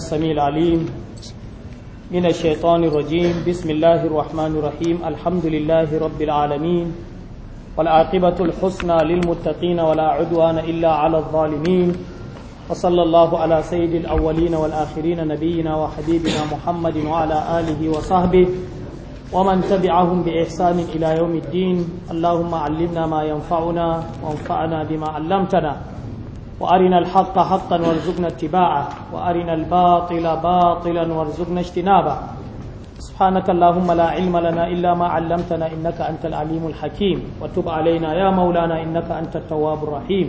السميع العليم من الشيطان الرجيم بسم الله الرحمن الرحيم الحمد لله رب العالمين والعاقبة الحسنى للمتقين ولا عدوان إلا على الظالمين وصلى الله على سيد الأولين والآخرين نبينا وحبيبنا محمد وعلى آله وصحبه ومن تبعهم بإحسان إلى يوم الدين اللهم علمنا ما ينفعنا وانفعنا بما علمتنا وأرنا الحق حقا وارزقنا اتباعه وأرنا الباطل باطلا وارزقنا اجتنابه سبحانك اللهم لا علم لنا إلا ما علمتنا إنك أنت العليم الحكيم وتب علينا يا مولانا إنك أنت التواب الرحيم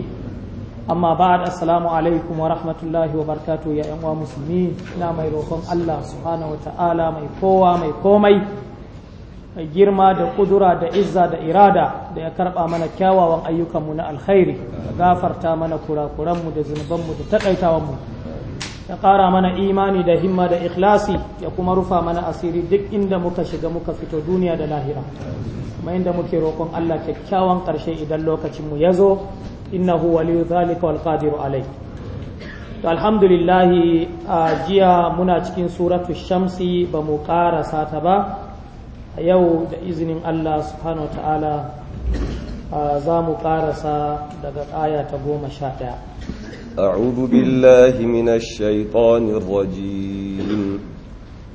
أما بعد السلام عليكم ورحمة الله وبركاته يا أموى مسلمين لا ما يروكم الله سبحانه وتعالى ما يقوى ما يقومي girma da kudura da izza da irada da ya karba mana kyawawan ayyukanmu na alkhairi da gafarta mana kurakuranmu da zunubanmu da takaitawanmu ya ƙara mana imani da himma da ikhlasi ya kuma rufa mana asiri duk inda muka shiga muka fito duniya da lahira kuma inda muke roƙon Allah kyakkyawan ƙarshe idan lokacinmu ya zo innahu waliyu zalika wal qadiru alai to alhamdulillah a jiya muna cikin suratul shamsi ba mu ƙarasa ta ba yau da izinin Allah subhanahu ta'ala za mu ƙarasa daga aya ta goma sha ɗaya أعوذ بالله من الشيطان الرجيم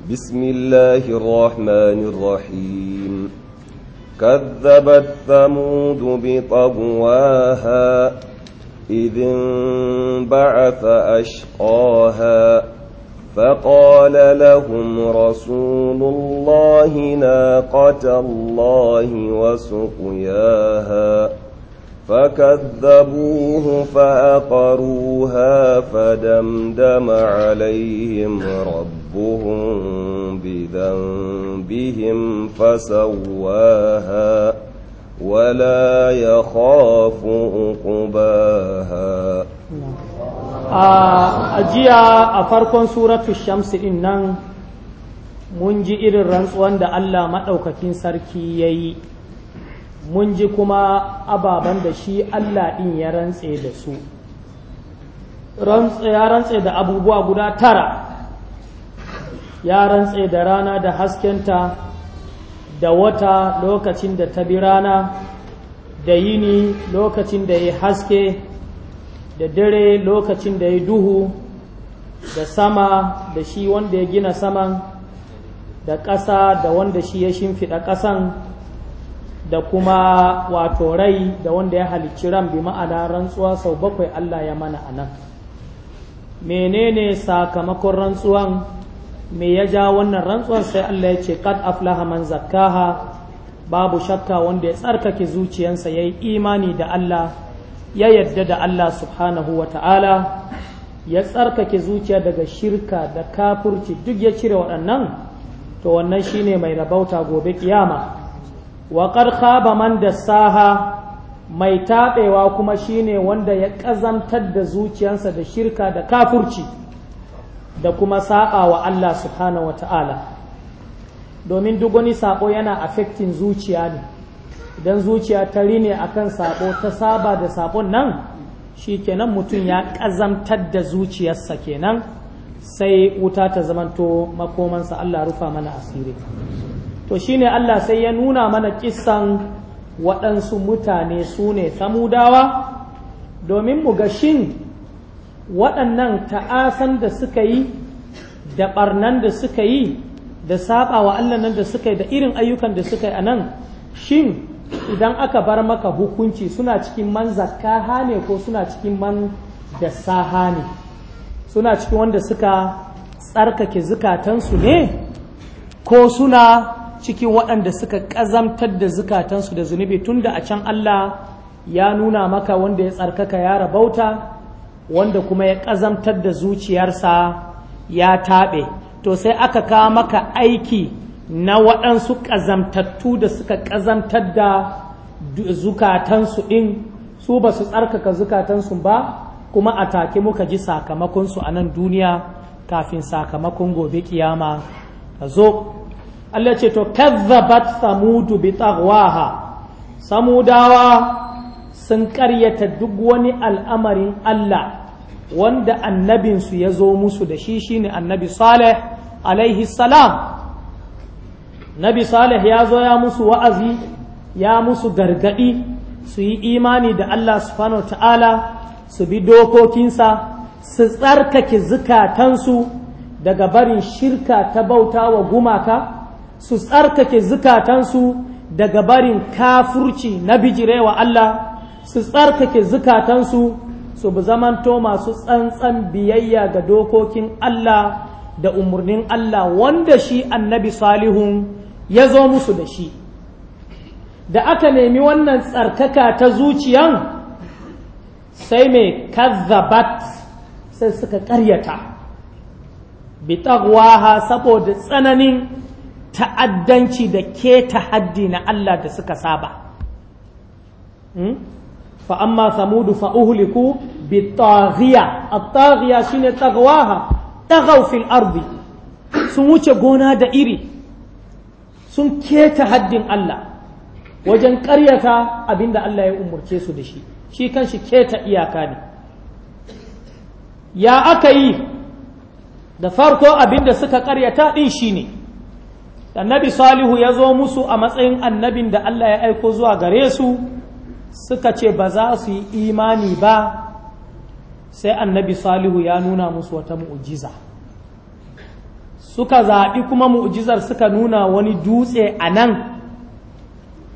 بسم الله الرحمن الرحيم كذبت ثمود بطغواها إذ انبعث أشقاها فقال لهم رسول الله ناقة الله وسقياها فكذبوه فأقروها فدمدم عليهم ربهم بذنبهم فسواها ولا يخاف عقباها a jiya a farkon suratu shamsi din nan mun ji irin rantsuwan da Allah maɗaukakin sarki ya yi mun ji kuma ababen da shi Allah ɗin ya rantse da su ya rantse da abubuwa guda tara ya rantse da rana da haskenta da wata lokacin da ta bi rana da yini lokacin da ya haske da dare lokacin da ya duhu da sama da shi wanda ya gina saman da ƙasa da wanda shi ya shimfiɗa ƙasan da kuma wato rai da wanda ya halicci ran bi ma'ana rantsuwa sau bakwai Allah ya mana a nan menene sakamakon rantsuwan me ya ja wannan rantsuwan sai Allah ya ce kad aflaha man zakkaha babu shakka wanda ya tsarkake zuciyansa yayi imani da Allah ya yadda da Allah subhanahu wa ta'ala ya tsarkake zuciya daga shirka da kafurci duk ya cire waɗannan to wannan shine mai rabauta gobe kiyama wa ba man da saha mai taɓewa kuma shine wanda ya ƙazantar da zuciyarsa da shirka da kafurci da kuma saƙa wa Allah subhanahu wa ta'ala domin duk wani saƙo yana affecting zuciya ne idan zuciya ta rine kan sabo ta saba da sabon nan shi kenan mutum ya ƙazamtar da zuciyarsa kenan sai wuta ta zamanto makomansa Allah rufa mana asiri to shine Allah sai ya nuna mana kissan waɗansu mutane su ne samudawa domin mu ga shin waɗannan ta'asan da suka yi da ɓarnan da suka yi da saɓa wa Allah nan da suka yi da irin ayyukan da suka yi a nan shin idan aka bar maka hukunci suna cikin man zakkaha ne ko suna cikin man dasaha ne suna cikin wanda suka tsarkake zukatansu ne ko suna cikin waɗanda suka ƙazamtar da zukatansu da zunubi tunda a can Allah ya nuna maka wanda ya tsarkaka ya rabauta wanda kuma ya ƙazamtar da zuciyarsa ya taɓe to sai aka kawo maka aiki na waɗansu ƙazamtattu da suka ƙazamtar da zukatansu ɗin su ba su tsarkaka zukatansu ba kuma a take muka ji sakamakonsu a nan duniya kafin sakamakon gobe kiyama ta zo Allah ce to kazzabat samudu bi samudawa sun ƙaryata duk wani al'amarin Allah wanda annabinsu ya zo musu da shi shine annabi Saleh alaihi salam nabi salih ya zo ya musu wa'azi ya musu gargaɗi su yi imani da Allah subhanahu ta'ala su bi dokokinsa su tsarkake zukatansu daga barin shirka ta bauta wa gumaka su tsarkake zukatansu daga barin kafurci na bijirewa Allah su tsarkake zukatansu su bi zamanto masu tsantsan biyayya ga dokokin Allah da umarnin Allah wanda shi annabi salihun ya zo musu da shi da aka nemi wannan tsarkaka ta zuciyan sai mai kazzabat sai suka karyata bitagwaha saboda tsananin ta'addanci da ke haddi na Allah da suka saba hmm? fa amma samudu fa uhliku bitaghiya at-taghiya shine tagwaha tagaw fil ardi sun wuce gona da iri sun keta haddin Allah wajen ƙaryata abinda Allah ya umarce su da shi shi kanshi keta iyaka ne ya aka yi da farko abinda suka ƙaryata ɗin shi ne annabi salihu ya zo musu a matsayin annabin da Allah ya aiko zuwa gare su suka ce ba za su yi imani ba sai annabi salihu ya nuna musu wata mu'ujiza suka zaɓi kuma mu'jizar suka nuna wani dutse a nan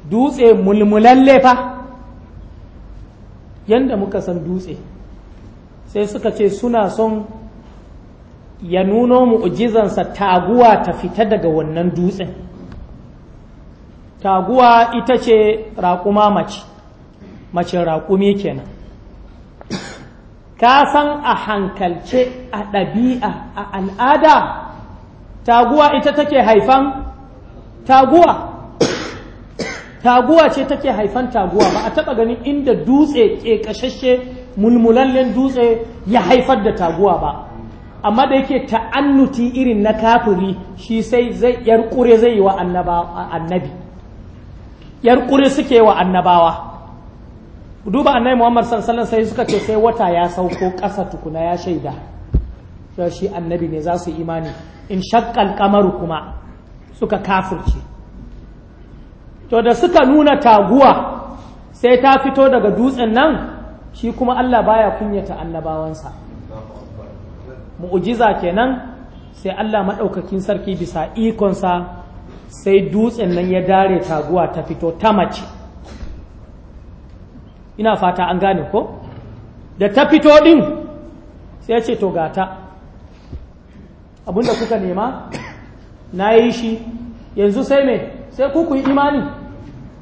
dutse mulmulalle fa yadda muka san dutse sai suka ce suna son ya nuno mu'jizansa taguwa ta fita daga wannan dutsen taguwa ita ce raƙuma mace mace raƙumi kenan ka san a hankalce a ɗabi'a a al'ada taguwa ita take haifan taguwa taguwa ce take haifan taguwa ba a taba ganin inda dutse kashashe mulmulallen dutse ya haifar da taguwa ba amma da yake ta'annuti irin na kafiri shi sai zai yarkure zai yi wa annabi yarkure suke wa annabawa duba annabi Muhammad sallallahu sai suka ce sai wata ya sauko ƙasa tukuna ya shaida shi annabi ne za su imani in shakkal kamaru kuma suka kafirce to da suka nuna taguwa sai ta fito daga dutsen nan shi kuma Allah baya kunyata annabawansa mu'ujiza kenan sai Allah maɗaukakin sarki bisa ikonsa sai dutsen nan ya dare taguwa ta fito ta mace ina fata an gane ko da ta fito din, sai ce to gata abinda kuka nema na yi shi yanzu sai me sai ku yi imani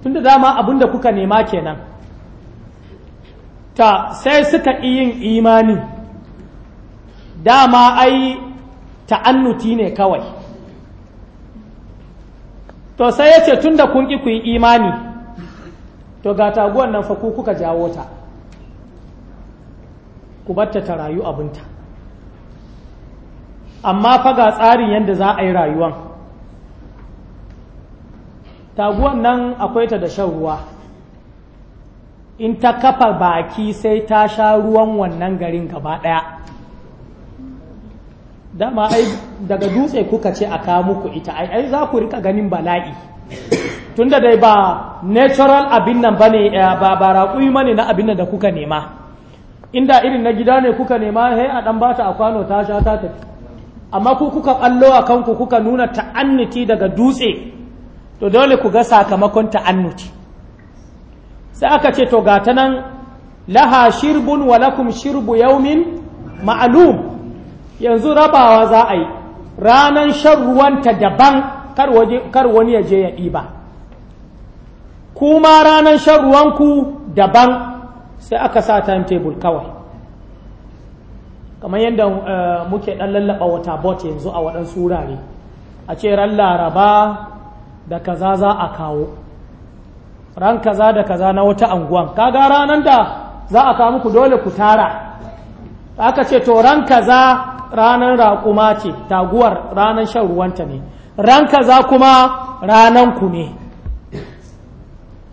tunda dama abinda kuka nema kenan ta sai suka yin imani dama ai ta'annuti ne kawai to sai ya ce da kun ƙi ku yi imani to ga taguwan nan fa ku kuka jawo ta ku batta ta rayu abinta amma fa ga tsarin yadda za a yi rayuwan taguwan nan akwai ta da shan ruwa in ta kafa baki sai ta sha ruwan wannan garin gaba ɗaya dama ai daga dutse kuka ce a kawo muku ita ai ai za ku rika ganin bala'i tunda dai ba natural abin nan ba ya eh, ba ba raƙuyi mani na abin nan da kuka nema inda irin na gida ne kuka nema hei a dan bata a kwano ta sha ta tafi amma ku kuka ɓallo a kanku kuka nuna ta'annuti daga dutse to dole ku ga sakamakon ta'annuti sai aka ce to ga ta nan laha shirbun wa lakum shirbu yaumin ma'alum yanzu rabawa za a yi ranan shan ruwanta daban kar wani ya je ya ɗiba kuma ranan shan ruwanku daban sai aka sa timetable kawai kamar yadda eh, muke ɗan lallaba wata bot yanzu a waɗansu wurare a ce ran laraba da kaza za a kawo ran kaza da kaza na wata anguwan kaga ranar da za a kawo muku dole ku tara aka ce to ran kaza ranan raƙuma ce taguwar ranan shan ruwanta ne ran kaza kuma ranan ku ne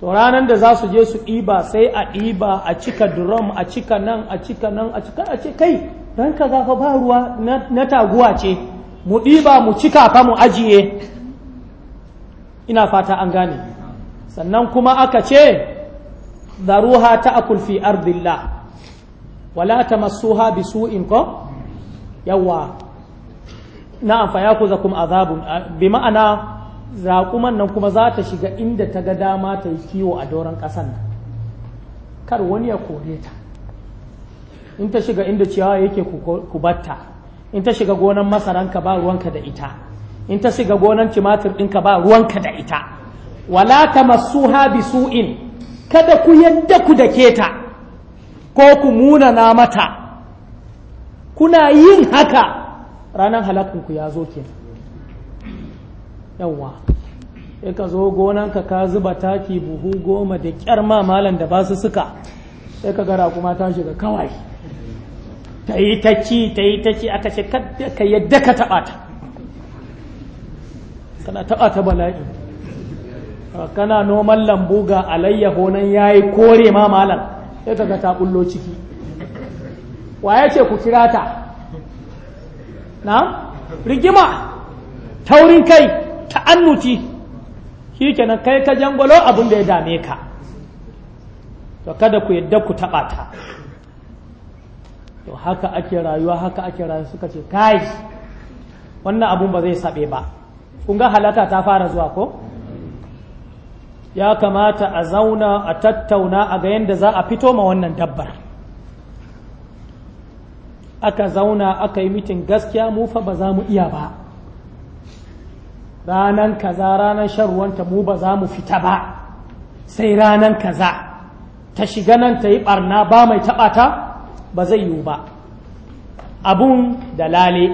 to ranan da za su je su ɗiba sai a ɗiba a cika drum a cika nan a cika nan a cika a ce kai don ka zafa ba ruwa na taguwa ce mu ɗiba mu cika fa mu ajiye ina fata an gane sannan kuma aka ce daruha ta akulfi ardillah wala ta masuha bi in ko yawa na amfaya ku za kuma azabun bi ma'ana zaƙuman nan kuma za ta shiga inda ta ga dama ta yi kiwo a doron ƙasan nan kar wani ya kore ta in ta shiga inda ciyawa yake kubatta in ta shiga gonan masaranka ba ruwanka da ita in ta shiga gonan timatir ɗinka ba ruwanka da ita wala ta masu bi su'in kada ku yadda ku da keta ko ku muna na mata kuna yin haka ranar halakinku ya zo ke yawwa ya ka zo gonanka ka zuba taki buhu goma da kyar ma malam da ba su suka sai ka gara kuma ta shiga kawai ta yi ta ci ta yi ta ci aka ce kadda ka yadda ka taɓa ta kana taɓa ta bala'i kana noman lambu ga alayyaho nan ya yi kore ma malam sai ta ga ta wa ciki waye ce ku kira ta na rigima taurin kai ta ta'annuti shi kenan kai ka jangolo abin da ya dame ka to kada ku yadda ku taɓa ta to haka ake rayuwa haka ake rayuwa suka ce kai wannan abun ba zai saɓe ba kun ga halaka ta fara zuwa ko ya kamata a zauna a tattauna a ga yadda za a fito ma wannan dabbar aka zauna aka yi mitin gaskiya mu fa ba za mu iya ba ranan kaza ranan sharuwanta mu ba za mu fita ba sai ranan kaza ta shiga nan ta yi barna ba mai taɓata ba zai yiwu ba abun da lale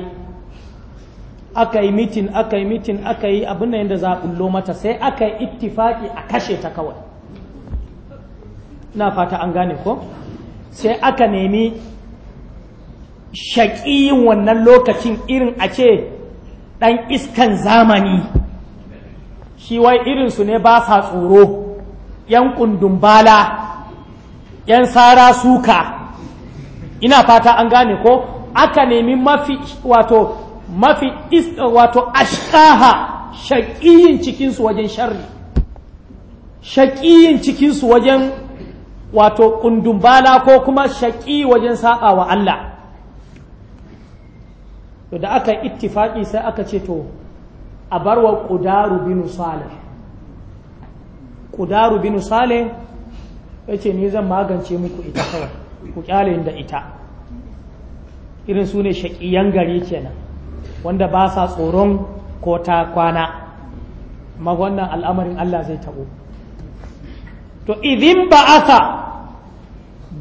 aka yi mitin aka yi mitin aka yi abin nan yadda za a mata sai aka yi ittifaki a kashe ta kawai na fata an gane ko sai aka nemi shaƙiyin wannan lokacin irin a ce ɗan iskan zamani shi wai irinsu ne ba sa tsoro ‘yan ƙundun bala ‘yan sara suka ina fata an gane ko aka nemi mafi wato mafi wato ashkaha shaƙiyin cikinsu wajen sharri shaƙiyin cikinsu wajen wato kundumbala ko kuma shaƙi wajen saɓa wa Allah to da aka ittifaƙi sai aka ce to a barwa ƙudaru binu Sale. ƙudaru binu Sale ya ce ni zan magance muku ita kawai ku kyale da ita irin su ne shaƙiyan gari kenan wanda ba sa tsoron ko ta kwana amma al'amarin Allah zai tabo to idin ba'asa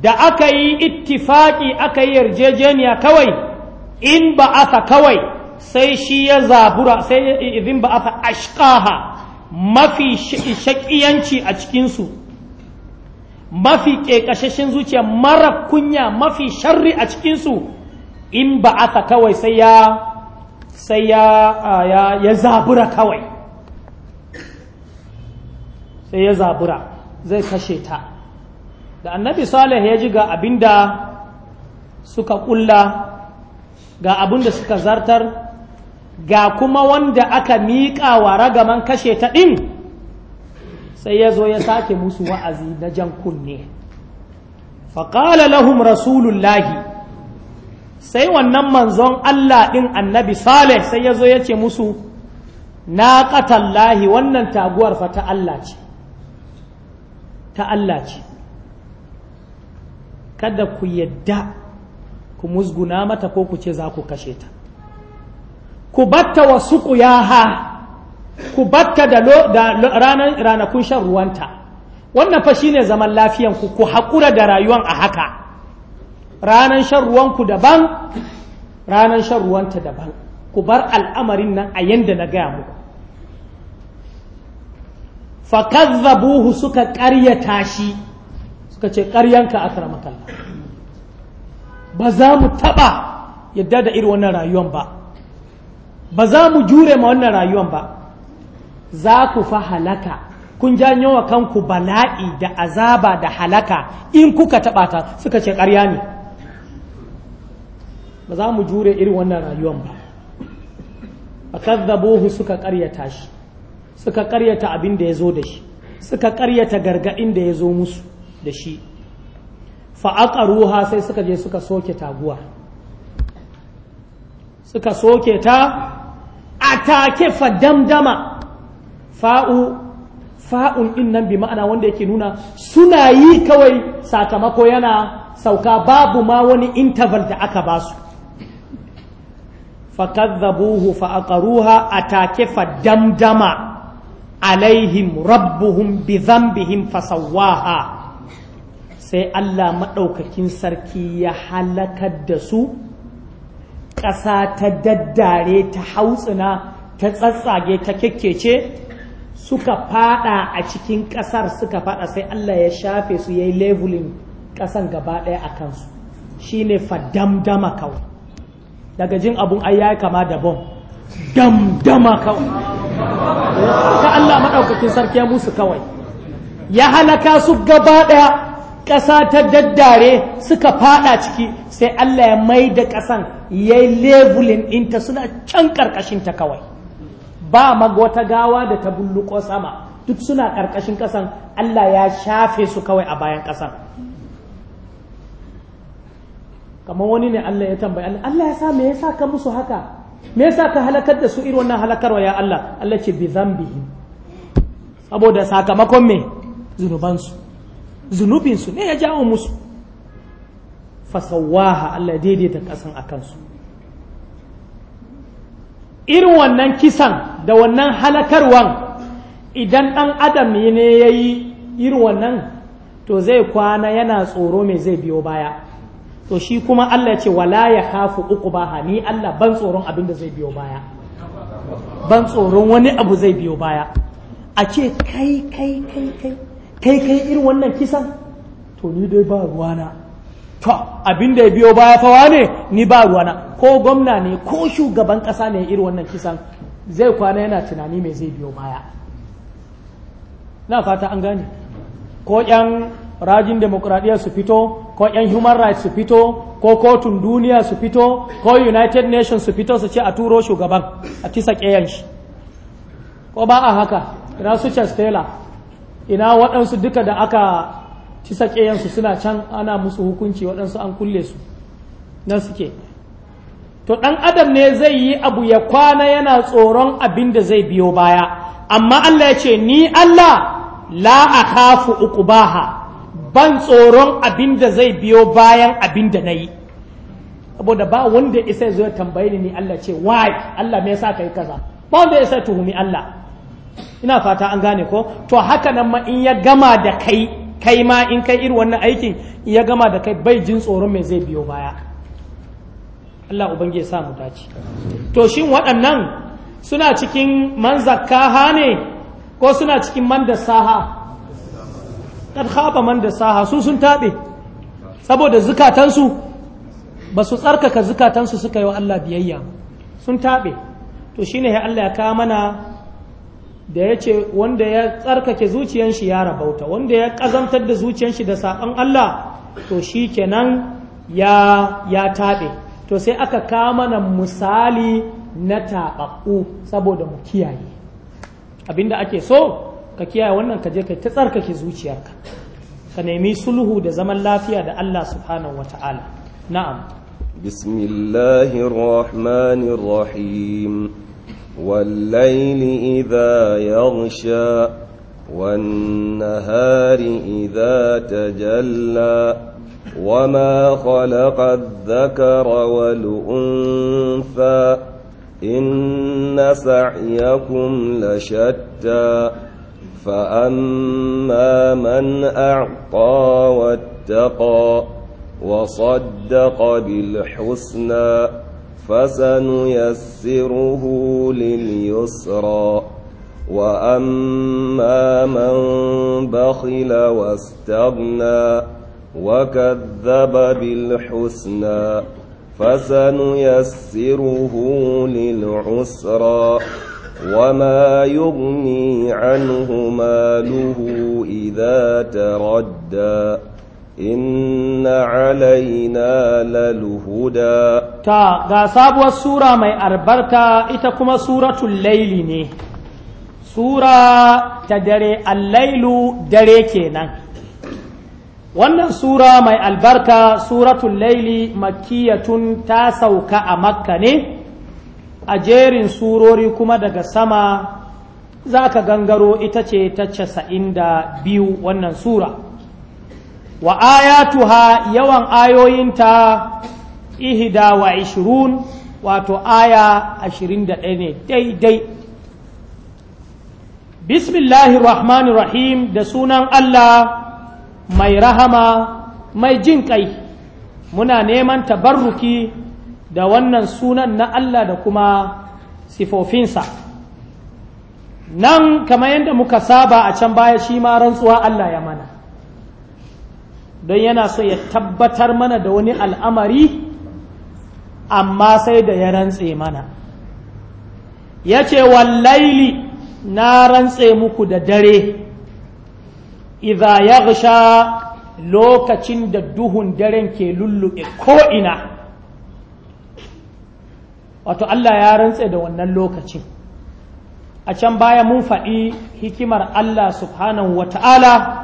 da aka yi ittifaki aka yi yarjejeniya kawai in ba'asa kawai sai shi ya zabura sai idin ba'asa ashqaha mafi shaƙiyanci a cikinsu mafi ƙeƙashashin zuciya mara kunya mafi sharri a cikinsu in ba aka kawai sai ya sai zabura kawai sai ya zabura zai kashe ta da annabi salih ya ji ga abinda suka kulla ga abin da suka zartar ga kuma wanda aka miƙa wa ragaman kashe ta ɗin sai ya zo ya sake musu wa'azi na jan kunne faƙala lahum rasulullahi sai wannan manzon Allah ɗin annabi Saleh sai ya zo ya ce musu na ƙatallahi wannan taguwar fa ta Allah ce ta Allah ce kada ku yadda ku musguna mata ko ku ce za ku kashe ta ku batta wasu ƙuyaha ha ku batta da ranakun shan ruwanta wannan fa shine zaman lafiyanku ku Ku haƙura da rayuwan a haka ranan shan ruwanku daban ranan shan ruwanta daban ku bar al'amarin nan a yanda na gaya muku fakazzabuhu suka ƙaryata shi suka ce ƙaryanka akramakallah ba za mu taɓa yadda da irin wannan rayuwan ba ba za mu jure ma wannan rayuwan ba za ku fa halaka kun janyo wa kanku bala'i da azaba da halaka in kuka taɓa ta suka ce ƙarya ne ba za mu jure irin wannan rayuwan ba a kazzabohu suka ƙaryata shi suka ƙaryata abin da ya zo da shi suka ƙaryata gargaɗin da ya zo musu da shi ruha sai suka je suka soke taguwa suka soke ta a take fa damdama fa'u fa'un din nan bi ma'ana wanda yake nuna suna yi kawai sakamako yana sauka babu ma wani interval da aka ba su fakazzabuhu a atake damdama alaihim rabbuhum bi dhanbihim fasawaha sai Allah maɗaukakin sarki ya halakar da su ƙasa ta daddare ta hautsina ta tsatsage ta kekece. suka fada a cikin kasar suka fada sai Allah ya shafe su yayi leveling kasan gaba daya a kansu shine fadamdama kawai daga jin abun ai ya kama da bom damdama kawai Ka Allah madaukakin sarki ya musu kawai ya halaka su gaba daya ƙasa ta daddare suka fada ciki sai Allah ya mai da ƙasan ya yi inta suna can ta kawai ba magwata gawa da ta bulluko sama duk suna ƙarƙashin ƙasan Allah ya shafe su kawai a bayan ƙasan kamar wani ne Allah ya tambaya Allah ya sa me yasa ka musu haka me yasa ka halakar da su irin wannan halakarwa ya Allah Allah ce bi zambihi saboda sakamakon me zunubansu zunubinsu ne ya jawo musu fasawaha Allah ya daidaita ƙasan a kansu irin wannan kisan da wannan halakarwan idan ɗan adam ne ya yi irin wannan to zai kwana yana tsoro mai zai biyo baya to shi kuma Allah ce wala ya hafu uku ba ni Allah ban tsoron abin da zai biyo baya ban tsoron wani abu zai biyo baya a ce kai kai kai kai kai kai irin wannan kisan to ni dai ba ruwana to abin da ya biyo baya fawa ne ni ba ruwa na ko gwamna ne ko shugaban kasa ne irin wannan kisan zai kwana yana tunani mai zai biyo baya na fata an gani ko yan rajin demokradiyya su fito ko yan human rights su fito ko kotun duniya su fito ko united nations su fito su ce a turo shugaban a kisa ƙeyan shi ko ba a haka ina su chastela ina waɗansu duka da aka ci yansu suna can ana musu hukunci waɗansu an kulle su nan suke to ɗan adam ne zai yi abu ya kwana yana tsoron abin da zai biyo baya amma Allah ya ce ni Allah la akhafu uqbaha ban tsoron abin da zai biyo bayan abin da na nayi saboda ba wanda isa zo ya tambaye ni Allah ce why Allah me yasa yi kaza ba wanda isa tuhumi Allah ina fata an gane ko to haka nan ma in ya gama da kai kai ma in kai irin wannan aikin ya gama da kai bai jin tsoron mai zai biyo baya Allah ubangi ya sa mu dace to shin waɗannan suna cikin man zakkaha ne ko suna cikin man da saha kad khaba man da saha su sun taɓe saboda zukatansu ba su tsarkaka zukatansu suka yi wa Allah biyayya sun taɓe to shine ya Allah ya kawo mana da ya ce wanda ya tsarkake zuciyan shi ya rabauta wanda ya ƙazantar da zuciyan shi da saɓon Allah to shi kenan ya ya taɓe to sai aka kama na misali na taɓaɓɓu saboda mu kiyaye abinda ake so ka kiyaye wannan ka je kai ta tsarkake zuciyarka ka nemi sulhu da zaman lafiya da Allah subhanahu wa ta'ala na'am bismillahir rahmanir rahim والليل إذا يغشى والنهار إذا تجلى وما خلق الذكر والأنثى إن سعيكم لشتى فأما من أعطى واتقى وصدق بالحسنى فسنيسره لليسرى وأما من بخل واستغنى وكذب بالحسنى فسنيسره للعسرى وما يغني عنه ماله إذا تردى إن علينا للهدى ta ga sabuwar sura mai albarka ita kuma suratul laili ne sura ta dare allailu dare kenan wannan sura mai albarka suratul laili makiyatun ta sauka a makka ne a jerin surori kuma daga sama za ka gangaro ita ce ta casa'in da biyu wannan sura wa ayatuha yawan ayoyinta ihda wa ishirun wato aya ashirin da ɗaya ne daidai bismillahi rahmanir rahim da sunan allah mai rahama mai jin ƙai muna neman tabarruki da wannan sunan na allah da kuma sifofinsa nan kamar yadda muka saba a can baya shi ma rantsuwa allah ya mana don yana so ya tabbatar mana da wani al'amari amma sai da ya rantse mana ya ce wallaili na rantse muku da dare iza ya lokacin da duhun daren ke lulluɓe ko'ina wato Allah ya rantse da wannan lokacin a can baya mun faɗi hikimar Allah subhanahu wa ta'ala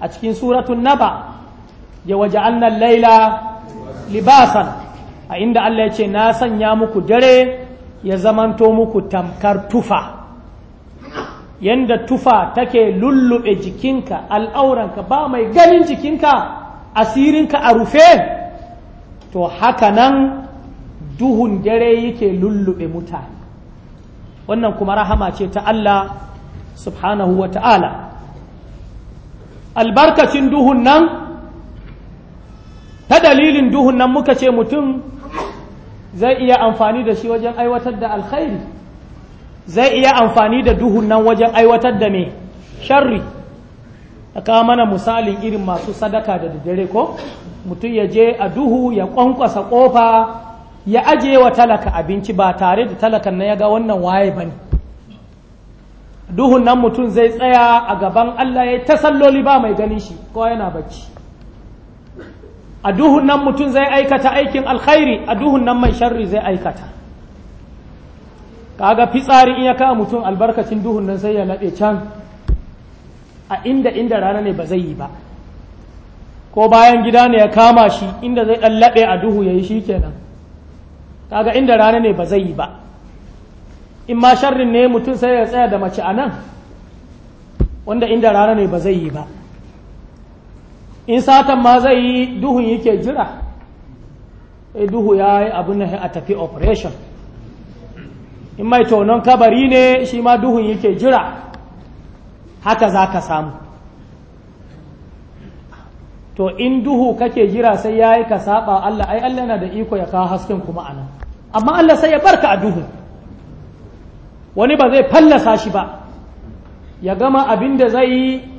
a cikin suratun naba ya waje annan laila libasan a inda Allah ya ce na sanya muku dare ya zamanto muku tamkar tufa yanda tufa take lullube jikinka al'auranka ba mai ganin jikinka asirinka a rufe to haka nan duhun dare yake lullube mutane wannan kuma rahama ce ta Allah subhanahu wa ta'ala albarkacin duhun nan ta dalilin duhun nan muka ce mutum zai iya amfani da shi wajen aiwatar da alkhairi zai iya amfani da duhun nan wajen aiwatar da me sharri a kawo mana misalin irin masu sadaka da dare ko mutum ya je a duhu ya kwankwasa kofa ya ajiye wa talaka abinci ba tare da talakan na ya ga wannan waye ba ne duhun nan mutum zai tsaya a gaban allah ya ta salloli ba mai ganin shi ko yana bacci a duhun nan mutum zai aikata aikin alkhairi a duhun nan mai sharri zai aikata kaga fitsari in ya kawo mutum albarkacin duhun nan sai ya laɓe can a inda inda rana ne ba zai yi ba ko bayan gida ne ya kama shi inda zai ɗan laɓe a duhu ya yi shi kenan kaga inda rana ne ba zai yi ba in ma sharrin ne mutum sai ya tsaya da mace a nan wanda inda rana ne ba zai yi ba in satan ma zai yi duhun yake jira duhu ya yi abin na a tafi operation in mai tonon kabari ne shi ma duhun yake jira haka za ka samu to in duhu kake jira sai ya yi ka saba Allah ai Allah na da iko ya kawo hasken kuma a amma Allah sai ya barka a duhu wani ba zai fallasa shi ba ya gama abin da zai yi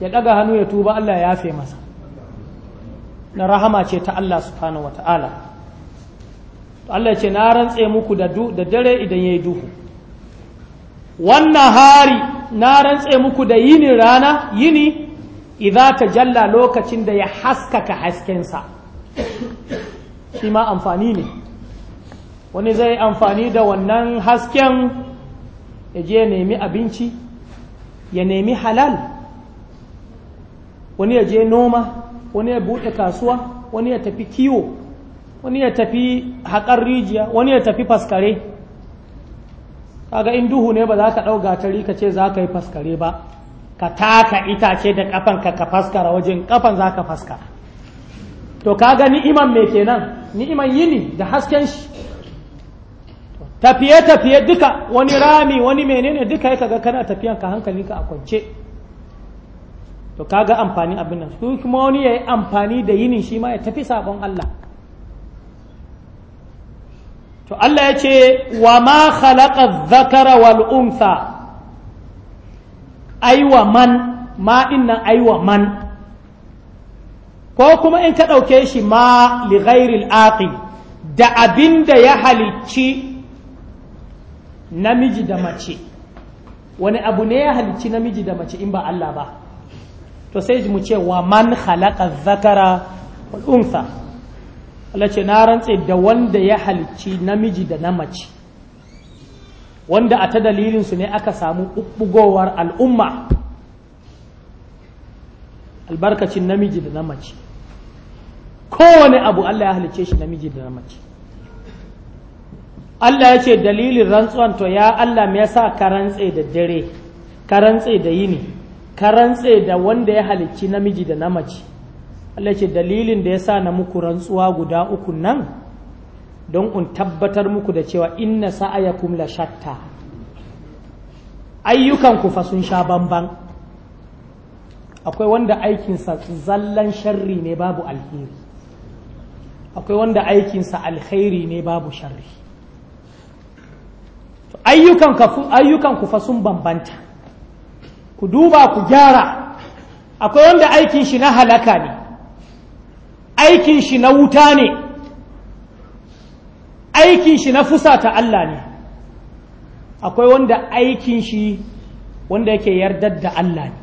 ya ɗaga hannu ya tuba Allah ya yafe masa na rahama ce ta Allah subhanahu wa ta'ala Allah ce na rantse muku da dare idan ya yi duhu wannan hari na rantse muku da yini rana yini idan ta jalla lokacin da ya haskaka haskensa shi ma amfani ne wani zai amfani da wannan hasken ya je nemi abinci ya nemi halal wani ya je noma wani ya buɗe kasuwa wani ya tafi kiwo wani ya tafi haƙar rijiya wani ya tafi faskare kaga in duhu ne ba za ka ɗau gatari ka ce za ka yi faskare ba ka taka itace da kafan ka ka faskara wajen kafan za ka faskara to kaga ni'iman me kenan ni'iman yini da hasken shi tafiye-tafiye duka wani rami wani menene duka ya kaga kana tafiyan ka hankalinka a kwance to kaga amfani abin nan su kuma wani ya yi amfani da yini shi ma ya tafi sabon Allah to Allah ya ce wa ma khalaqa zakara wal unsa aiwa man ma inna aiwa man ko kuma in ka ɗauke shi ma li al aqil da abinda ya halicci namiji da mace wani abu ne ya halicci namiji da mace in ba Allah ba to sai mu ce wa man khalaqa zakara wal unsa Allah ce na rantse da wanda ya halicci namiji da na mace wanda a ta dalilin su ne aka samu bubbugowar al'umma albarkacin namiji da na mace kowane abu Allah ya halicce shi namiji da na mace Allah ya ce dalilin rantsuwan to ya Allah me yasa ka rantse da dare ka rantse da yini ka rantse da wanda ya halicci namiji da na mace Allah ce dalilin da ya sa na muku rantsuwa guda uku nan don in tabbatar muku da cewa inna sa'ayakum la shatta ayyukanku fa sun sha bamban akwai wanda aikinsa zallan sharri ne babu alheri akwai wanda aikinsa alheri ne babu sharri ayyukanku fa sun bambanta ku duba ku gyara akwai wanda aikin shi na halaka ne aikin shi na wuta ne aikin shi na fusata Allah ne akwai wanda aikin shi wanda yake yardar da Allah ne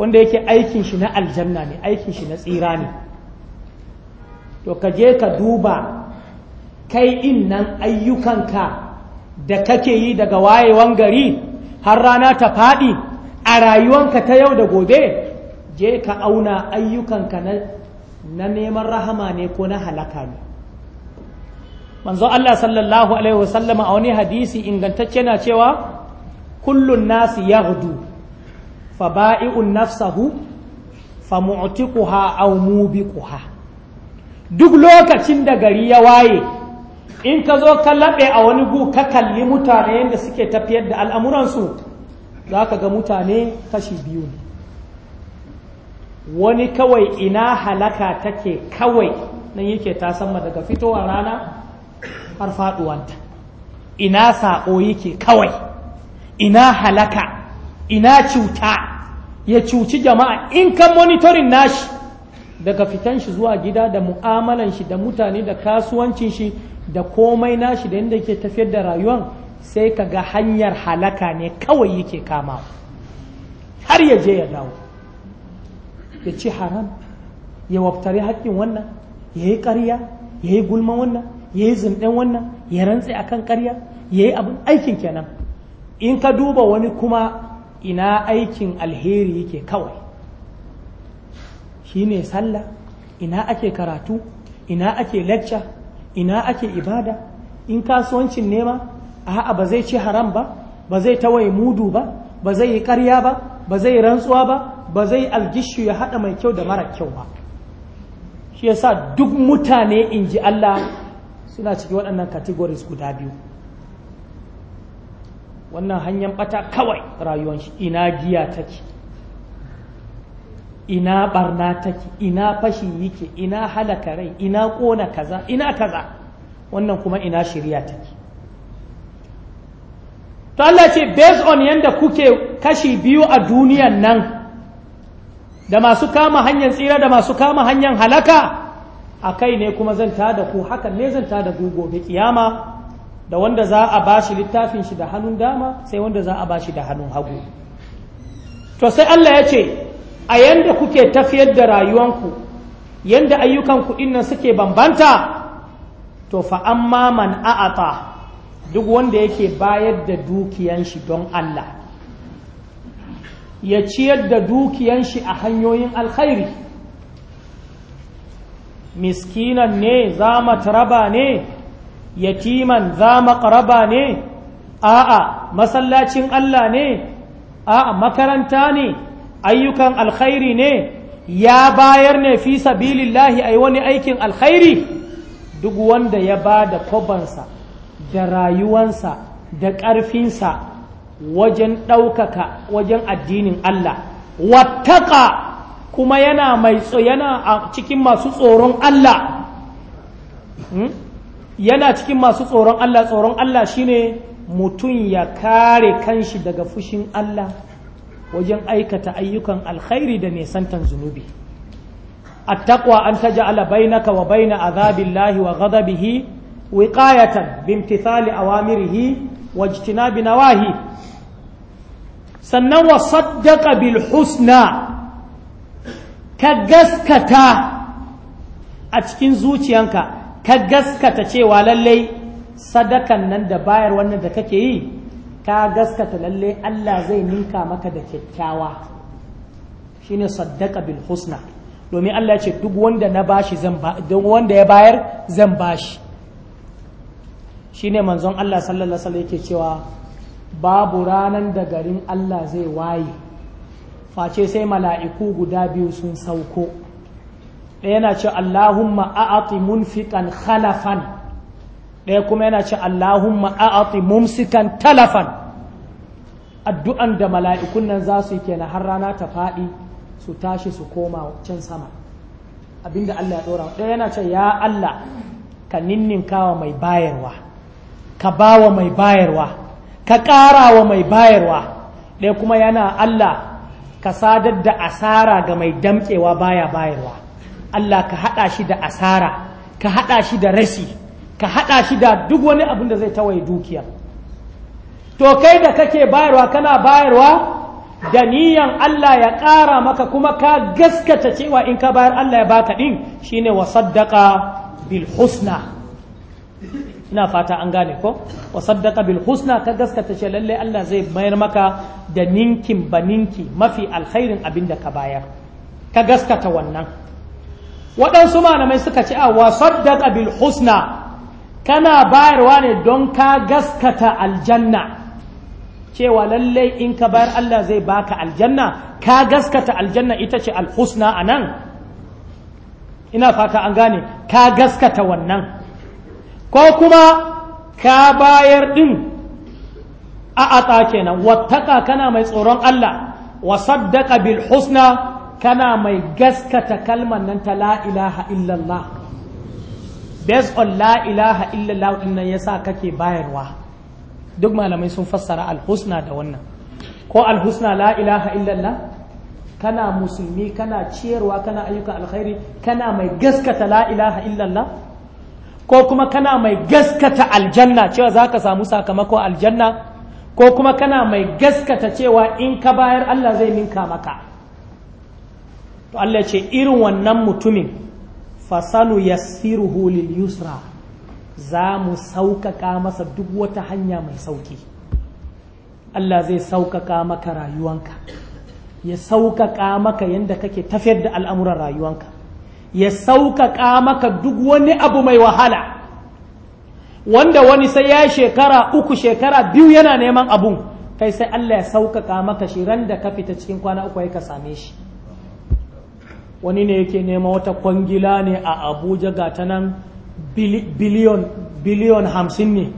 wanda yake aikin shi na aljanna ne aikin shi na tsira ne to ka je ka duba kai in nan ayyukanka da kake yi daga wayewan gari har rana ta faɗi a rayuwanka ta yau da gobe je ka auna ayyukanka na neman rahama ne ko na halaka ne manzo Allah sallallahu alaihi wasallam a wani hadisi ingantacce na cewa kullun nasi yaghdu fa ba'i'un nafsahu fa mu'tiquha aw mubiquha duk lokacin da gari ya waye in ka zo ka laɓe a wani gu ka kalli mutane yadda suke tafiyar da al'amuransu za ka ga mutane kashi biyu ne wani kawai ina halaka take kawai nan yake ta sama daga fitowar rana har faɗuwanta ina saƙo yake kawai ina halaka ina cuta ya cuci jama'a in ka monitorin nashi daga fitan shi zuwa gida da mu'amalan shi da mutane da kasuwancin shi da komai nashi da yadda yake tafiyar da rayuwan sai ka ga hanyar halaka ne kawai yake kama har ya je ya dawo ya ci haram ya waftare haƙƙin wannan ya yi ƙarya ya yi gulma wannan ya yi zimɗen wannan ya rantse a kan ƙarya ya yi abin aikin kenan in ka duba wani kuma ina aikin alheri yake kawai Shi ne sallah ina ake karatu ina ake lecture ina ake ibada in kasuwancin nema a'a ba zai ci haram ba ba zai tawaye mudu ba ba zai yi karya ba ba zai rantsuwa ba ba zai algishu ya haɗa mai kyau da mara kyau ba shi yasa duk mutane in ji Allah suna ciki waɗannan categories guda biyu wannan hanyar ɓata kawai rayuwar shi ina giya take ina barna take ina fashi yake ina halaka rai ina kona kaza ina kaza wannan kuma ina shirya take to Allah ce based on yanda kuke kashi biyu a duniyan nan da masu kama hanyar tsira da masu kama hanyar halaka a kai ne kuma zan da ku hakan ne zan da ku gobe kiyama da wanda za a bashi littafin shi da hannun dama sai wanda za a bashi da hannun hagu to sai Allah ya ce a yanda kuke tafiyar da rayuwanku yanda ayyukanku dinnan suke bambanta to fa amma man a'ata duk wanda yake bayar da dukiyan shi don Allah ya ciyar da dukiyan shi a hanyoyin alkhairi miskinan ne za taraba ne yatiman za maƙaraba ne a'a masallacin Allah ne a'a makaranta ne ayyukan alkhairi ne ya bayar ne fi sabilillahi ai wani aikin alkhairi duk wanda ya ba da kwabansa da rayuwansa da ƙarfinsa wajen ɗaukaka wajen addinin Allah wattaka kuma yana mai yana cikin masu tsoron Allah hmm? yana cikin masu tsoron Allah tsoron Allah shine mutum ya kare kanshi daga fushin Allah wajen aikata ayyukan alkhairi da nesantan zunubi attaqwa an taj'ala bainaka wa baina azabillahi wa ghadabihi wiqayatan bimtithali awamirihi wajtinabi nawahi sannan wa saddaqa bil husna ka gaskata a cikin zuciyanka ka gaskata cewa lallai sadakan nan da bayar wannan da kake yi ka gaskata lalle Allah zai ninka maka da kyakkyawa shine saddaka bil husna domin Allah ya ce duk wanda na bashi zan ba duk wanda ya bayar zan bashi shine manzon Allah sallallahu alaihi yake cewa babu ranan da garin Allah zai waye face sai mala'iku guda biyu sun sauko ɗaya na ce Allahumma a'ati munfiqan khalafan ɗaya kuma yana ce Allahumma a'ati mumsikan talafan addu'an da mala'ikun nan za su yi kenan har rana ta faɗi su tashi su koma can sama abinda Allah ya ɗora ɗaya yana ce ya Allah ka ninninkawa mai bayarwa ka ba wa mai bayarwa ka ƙara wa mai bayarwa ɗaya kuma yana Allah ka sadar da asara ga mai damƙewa baya bayarwa Allah ka haɗa shi da asara ka haɗa shi da rashi ka haɗa shi da duk wani abin da zai tawaye dukiya to kai da kake bayarwa kana bayarwa da niyan Allah ya ƙara maka kuma ka gaskata cewa in ka bayar Allah ya baka ɗin shine wa saddaka bil ina fata an gane ko Wasaddaka bilhusna bil husna ka gaskata ce lalle Allah zai mayar maka da ninkin baninki mafi alkhairin abin da ka bayar ka gaskata wannan waɗansu malamai suka ce a wa saddaka bil husna kana bayarwa ne don ka gaskata aljanna cewa lallai in ka bayar Allah zai baka aljanna ka gaskata aljanna ita ce alhusna a nan ina fata an gane ka gaskata wannan ko kuma ka bayar din a atsa kenan wattaka kana mai tsoron Allah wa saddaka bil husna kana mai gaskata kalman nan ta la ilaha illallah based on la ilaha illallah din nan yasa kake bayarwa duk malamai sun fassara alhusna da wannan ko alhusna la ilaha illallah kana musulmi kana ciyarwa kana ayyuka alkhairi kana mai gaskata la ilaha illallah ko kuma kana mai gaskata aljanna cewa za ka samu sakamako aljanna ko kuma kana mai gaskata cewa in ka bayar Allah zai ninka maka to Allah ce irin wannan mutumin fasanu yassiruhu lil yusra za mu sauƙaƙa masa duk wata hanya mai sauƙi Allah zai sauƙaƙa maka rayuwanka ya sauƙaƙa maka yadda kake tafiyar da al'amuran rayuwanka ya sauƙaƙa maka duk wani abu mai wahala wanda wani sai ya shekara uku shekara biyu yana neman abun kai sai Allah ya sauƙaƙa maka shi ran da ka fita cikin kwana uku ya ka same shi wani ne yake nema wata kwangila ne a abuja ga ta nan biliyon hamsin ne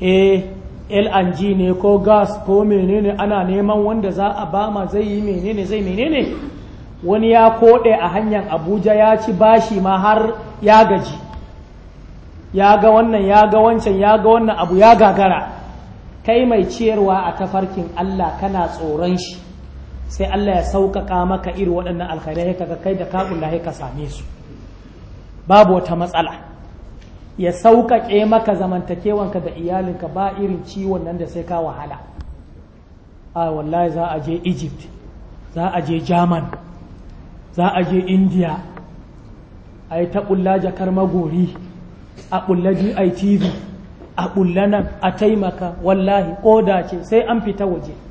a eh, lng ne ko gas ko menene ana neman wanda za a bama zai yi menene zai menene wani ya koɗe a hanyar abuja ya ci bashi ma har ya gaji ya ga wannan ya ga wancan ya ga wannan abu ya gagara kai mai ciyarwa a tafarkin allah kana tsoron shi sai Allah ya sauƙaƙa maka irin waɗannan alkhairai ka kai da ka kulla ka same su babu wata matsala ya sauƙaƙe maka zamantakewanka da iyalinka ba irin ciwon nan da sai ka wahala a wallahi za a je egypt za a je german za a je india a yi ta ƙulla jakar magori a ƙulla gitv a ƙulla nan a taimaka wallahi ƙoda ce sai an fita waje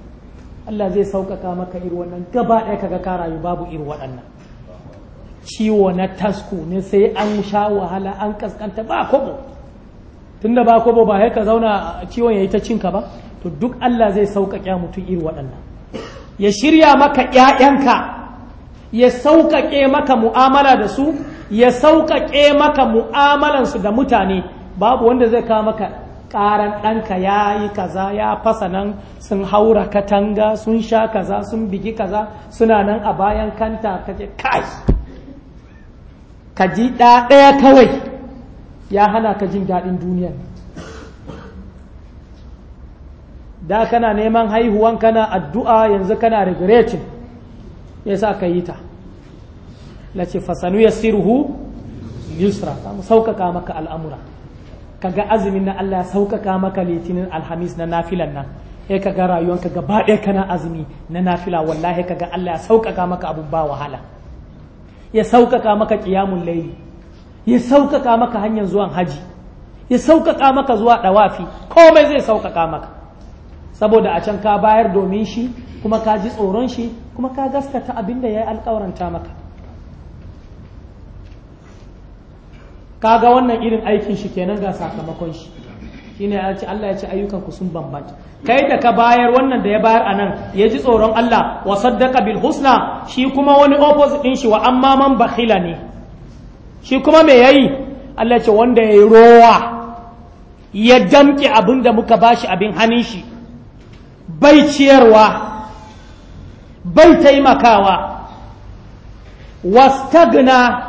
Allah zai sauƙaƙa maka iri wannan gaba ɗaya kaga ka rayu babu iri waɗannan ciwo na tasku ne sai an sha wahala an kaskanta ba kobo tunda ba kobo ba ka zauna ciwon ya yi ta cinka ba to duk Allah zai sauƙaƙa mutum iri waɗannan ya shirya maka 'ya'yanka, ya sauƙaƙe maka mu'amala da su ya sauƙaƙe maka mu'amalansu da mutane babu wanda zai kawo maka ƙaran ɗanka ya yi kaza ya fasa nan sun haura katanga sun sha kaza sun bigi kaza suna nan a bayan kanta ka ce kai ka ji ɗaya kawai ya hana ka jin daɗin duniya da kana neman haihuwan kana addu'a yanzu kana regretin ya sa ka yi ta lace fasanu ya sirhu yusra ta sauƙaƙa maka al'amura Ka ga azumin na Allah ya sauƙaƙa maka litinin alhamis na nafilan nan ga kaga ka gaba ɗaya kana azumi na nafila wallahi kaga Allah ya sauƙaƙa maka abun ba wahala ya sauƙaƙa maka ƙiyamun laili ya sauƙaƙa maka hanyar zuwan haji ya sauƙaƙa maka zuwa dawafi, komai zai sauƙaƙa maka saboda a can ka bayar domin shi kuma ka ji tsoron shi kuma ka gaskata abin da ya yi alƙawaranta maka kaga wannan irin aikin shi kenan ga sakamakon shi shine ya ce Allah ya ce ayyukan ku sun bambanta kai da ka bayar wannan da ya bayar a nan ya ji tsoron Allah wa saddaqa bil husna shi kuma wani opposite din shi wa amma man bakhila ne shi kuma me yayi Allah ya ce wanda yayi rowa ya damke abin da muka bashi abin hannun shi bai ciyarwa bai taimakawa wastagna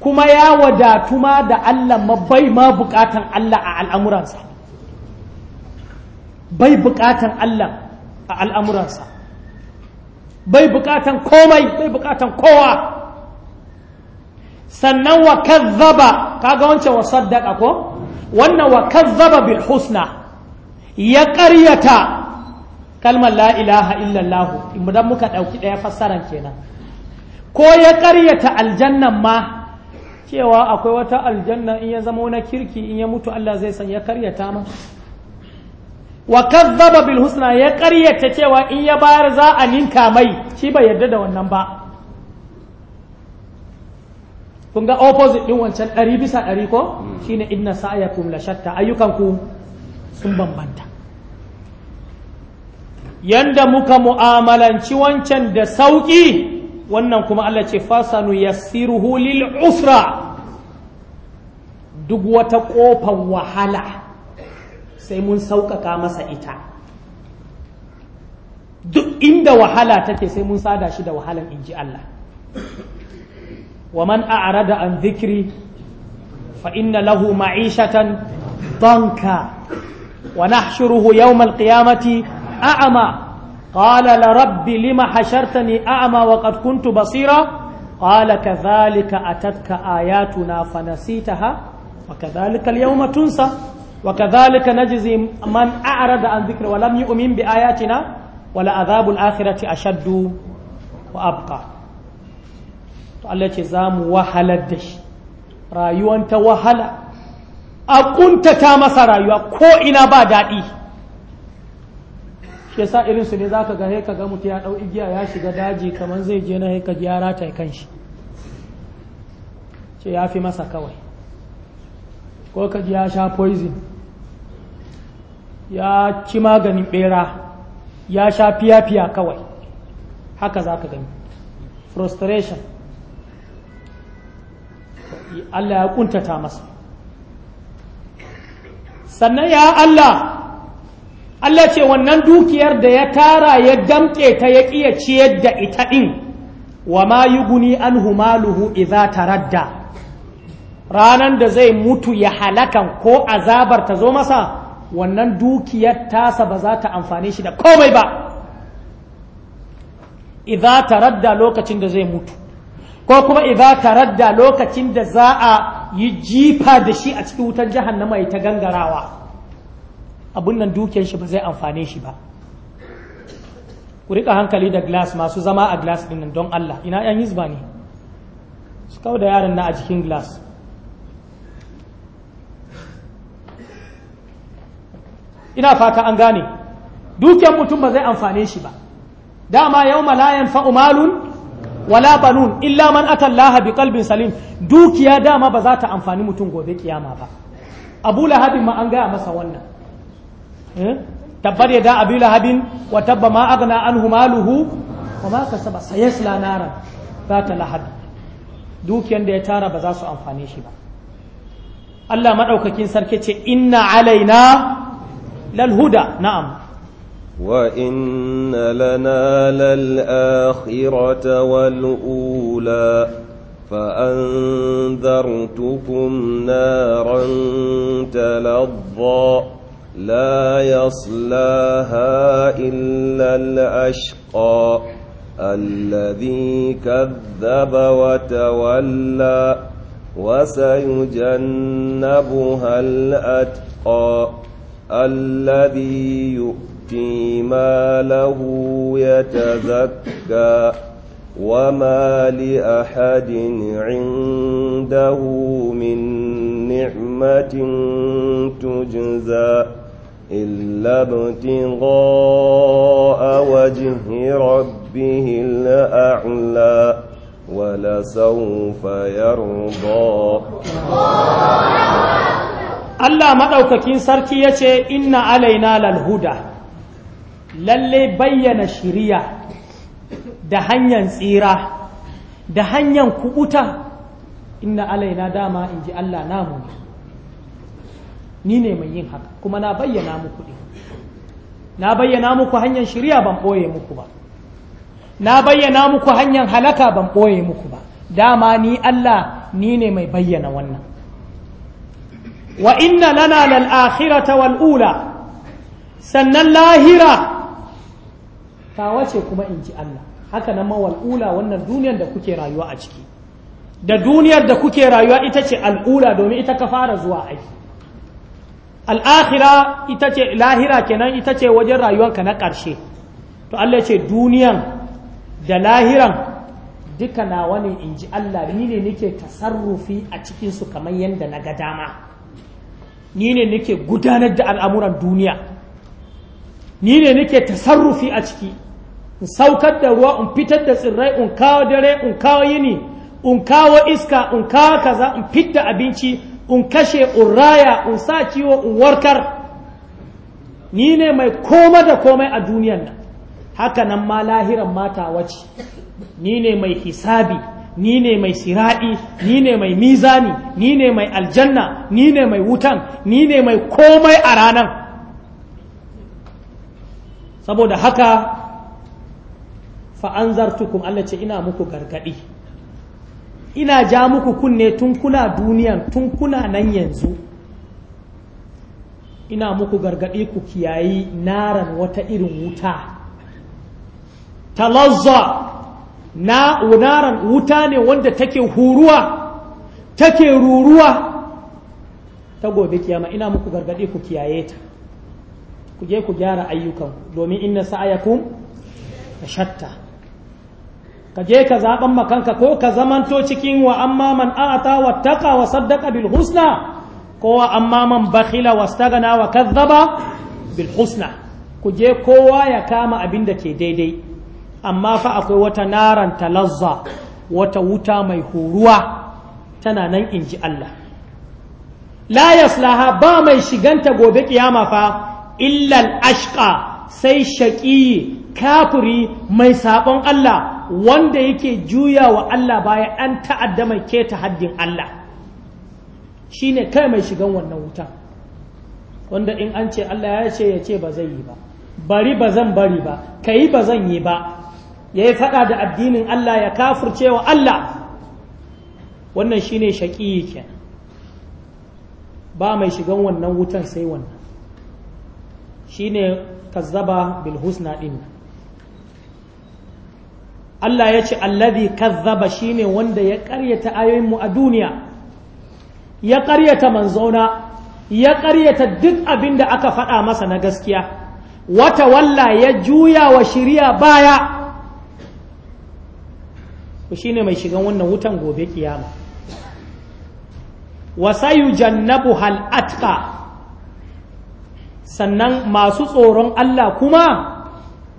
kuma ya wadatu ma da Allah ma bai ma bukatan Allah a al'amuransa bai bukatan Allah a al'amuransa bai bukatan komai bai bukatan kowa sannan wa kazzaba kaga wancan wa saddaka ko wannan wa kazzaba bil husna ya ƙaryata kalmar la ilaha illallah idan muka ɗauki ɗaya fassaran kenan ko ya ƙaryata aljannan ma cewa akwai wata aljanna in ya zama na kirki in ya mutu Allah zai san ya karyata ma wa kazzaba bil husna ya karyata cewa in ya bayar za a ninka mai shi bai yarda da wannan ba kun ga opposite din wancan ɗari bisa ɗari ko hmm. shine inna sa'yakum la shatta ayyukan ku sun bambanta yanda muka mu'amalanci wancan da sauki wannan kuma Allah ce fasanu yassiruhu lil usra duk wata ƙofan wahala sai mun sauƙaƙa masa ita duk inda wahala take sai mun sada shi da wahalan inji Allah wa man a'rada an zikri fa inna lahu ma'ishatan banka. wa nahshuruhu yawmal qiyamati a'ama قال لرب لما حشرتني أعمى وقد كنت بصيرا قال كذلك أتتك آياتنا فنسيتها وكذلك اليوم تنسى وكذلك نجزي من أعرض عن ذكر ولم يؤمن بآياتنا ولعذاب الآخرة أشد وأبقى Allah ce za mu wahalar da shi rayuwan ta wahala a ƙuntata masa rayuwa ko ina ba daɗi shi yasa irin su ne za ka ga ka ga mutum ya dau igiya ya shiga daji kamar zai je na gyara ya rata kan shi ce ya fi masa kawai ko ka ji ya sha poison ya ci maganin bera ya sha fiya-fiya kawai haka za ka gani frustration Allah ya kuntata masa sannan ya Allah Allah ce wannan dukiyar da ya tara ya damƙe ta ya ƙiya ciyar da ita ɗin wa ma yuguni an humaluhu iza taradda ranan da zai mutu ya halakan ko azabar ta zo masa wannan dukiyar tasa ba za ta amfani shi da komai ba idza taradda lokacin da zai mutu ko kuma idza taradda lokacin da za a yi jifa da shi a cikin wutar na mai ta gangarawa abun nan dukiyar shi ba zai amfane shi ba ku rika hankali da glass masu zama a glass din nan don Allah ina yan hizba ne su kawo da yaran na a jikin glass ina fata an gane dukiyar mutum ba zai amfane shi ba dama yau malayan malun wala banun illa man laha bi kalbin salim dukiya dama ba za ta amfani mutum gobe kiyama ba abu lahabin ma an gaya masa wannan Eh? tabbar yada abi lahabin wa tabba ma aghna anhu maluhu wa ma sayes lanaran za ta lahab dukiyan da ya tara ba za su amfane shi ba Allah madaukakin sarki ce inna alaina lal huda na'am وإن لنا للآخرة والأولى فأنذرتكم نارا تلظى لا يصلاها إلا الأشقى الذي كذب وتولى وسيجنبها الأتقى الذي يؤتي ماله يتزكى وما لأحد عنده من نعمة تجزى إلا ابتغاء وجه ربه الأعلى ولسوف يرضى Allah maɗaukakin sarki ya ce, Inna alaina lalhuda, lalle bayyana shiriya da hanyar tsira, da hanyar kubuta, Inna alaina dama in ji Allah namu ni ne mai yin haka kuma na bayyana muku ɗin na bayyana muku hanyar shirya ban ɓoye muku ba na bayyana muku hanyar halaka ban ɓoye muku ba dama ni Allah ni ne mai bayyana wannan wa inna lana lal akhirata wal ula sannan lahira ta wace kuma in ji Allah haka nan wal ula wannan duniyar da kuke rayuwa a ciki da duniyar da kuke rayuwa ita ce al'ula domin ita ka fara zuwa aiki al'akhira ita ce lahira kenan ita ce wajen rayuwanka na ƙarshe to Allah ce duniyan da lahiran duka nawa ne in ji Allah ni ne nike tasarrufi a cikinsu kamar yadda na ga dama ni ne nike gudanar da al'amuran duniya ni ne nike tasarrufi a ciki in saukar da ruwa in fitar da tsirrai in kawo dare in kawo yini in kawo iska in kawo kaza in fitar abinci in kashe in raya in sa ciwo in warkar ni ne mai koma da komai a duniyan nan haka nan ma lahiran mata wace ni ne mai hisabi ni ne mai sira'i ni ne mai mizani ni ne mai aljanna ni ne mai wutan ni ne mai komai a ranan saboda haka fa'an Allah ce ina muku gargaɗi ina ja muku kunne tun kuna duniyan tun kuna nan yanzu ina muku gargaɗi ku kiyayi naran wata irin wuta talazza na naran wuta ne wanda take huruwa take ruruwa ta gobe kiyama ina muku gargaɗi ku kiyaye ta ku je ku gyara ayyukan domin inna sa'ayakum shatta ka je ka zaɓan makanka ko ka zamanto cikin wa amma man a'ata wa taqa wa saddaqa bil husna ko wa amma man bakhila wa stagana wa kadhaba bil husna ku je kowa ya kama abin da ke daidai amma fa akwai wata naran talazza wata wuta mai horuwa tana nan in ji Allah la yaslaha ba mai shiganta gobe kiyama fa illal ashqa sai shaƙi kafiri mai saɓon Allah wanda yake juya wa Allah baya an ta'adda mai keta haddin Allah shine kai mai shigan wannan wuta wanda in an ce Allah ya ce ya ce ba zai yi ba bari ba zan bari ba ka yi ba zan yi ba ya yi faɗa da addinin Allah ya kafurce wa Allah wannan shine shaƙi yake ba mai shigan wannan wutan sai wannan shine kazzaba bil husna ɗin. Allah ya ce allazi kazzaba shine wanda ya ƙaryata ayoyinmu a duniya ya ƙaryata manzona ya ƙaryata duk abin da aka faɗa masa na gaskiya wata walla ya juya wa shirya baya shine mai shigan wannan wutan gobe kiyama wasayu jannabu hal'atka sannan masu tsoron Allah kuma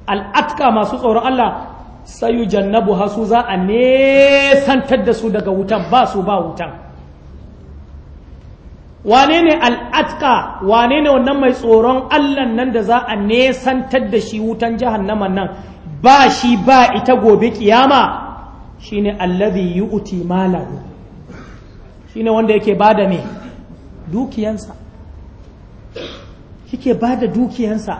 al'atka masu tsoron Allah sayu jannabu hasu za a nesantar da su daga wutan ba su ba wutan wane ne al'atka wane ne wannan mai tsoron allan nan da za a nesantar da shi wutan nama nan ba shi ba ita gobe kiyama ne allazi yu'ti malahu ne wanda yake bada me dukiyansa yake bada dukiyansa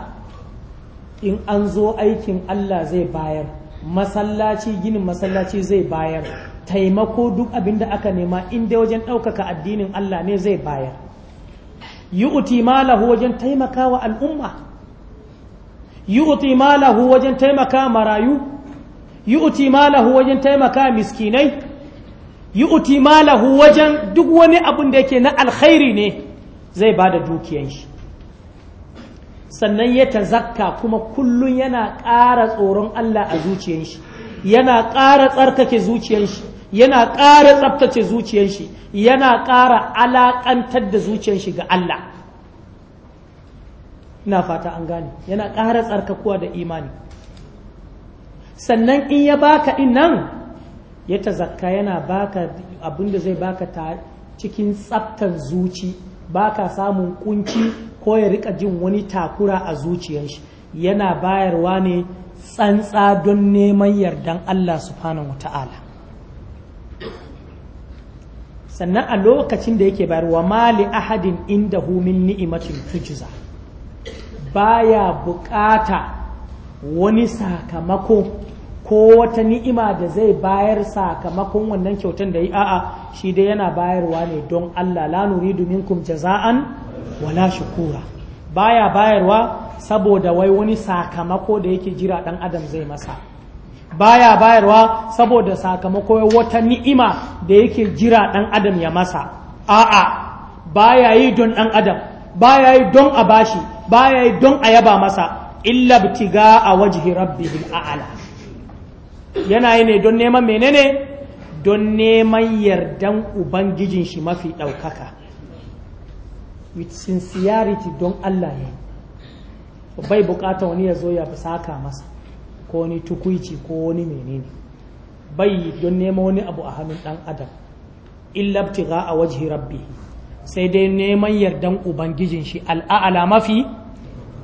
in an zo aikin Allah zai bayar masallaci ginin masallaci zai bayar taimako duk abin da aka nema inda wajen ɗaukaka addinin Allah ne zai bayar yi uti malahu wajen taimaka wa al'umma yi uti malahu wajen taimaka marayu yi uti malahu wajen taimaka miskinai yi uti malahu wajen duk wani abin da yake na alkhairi ne zai ba da dukiyan shi sannan ya zakka kuma kullum yana ƙara tsoron Allah a zuciyarshi yana ƙara tsarkake zuciyanshi. yana ƙara tsaftace zuciyanshi. yana ƙara alaƙantar da zuciyanshi ga Allah ina fata an gane yana ƙara tsarkakuwa da imani sannan in ya baka in nan ya tazakka yana baka abinda zai baka ta cikin tsaftan zuci baka samun kunci ko ya rika jin wani takura a zuciyar yana bayarwa ne tsantsa don neman yardan Allah subhanahu wa ta'ala sannan a lokacin da yake bayarwa mali ahadin inda min ni'imatin tujza baya bukata wani sakamako ko wata ni'ima da zai bayar sakamakon wannan kyautan da yi a'a shi dai yana bayarwa ne don Allah la nuridu minkum jaza'an wala shukura baya bayarwa saboda wai wani sakamako da yake jira dan adam zai masa baya bayarwa saboda sakamako wata ni'ima da yake jira dan adam ya masa a'a baya yi don dan adam baya yi don a bashi baya yi don a yaba masa illa btiga a wajhi rabbihil a'ala yana yi ne don neman menene don neman yardan ubangijin shi mafi ɗaukaka with sincerity don Allah ya yi bai bukata wani ya zo ya fi saka masa ko wani tukuici ko wani menene bai don nema wani abu a hannun dan adam illa ibtigha a wajhi rabbi, sai dai neman yardan ubangijin shi al'a'ala mafi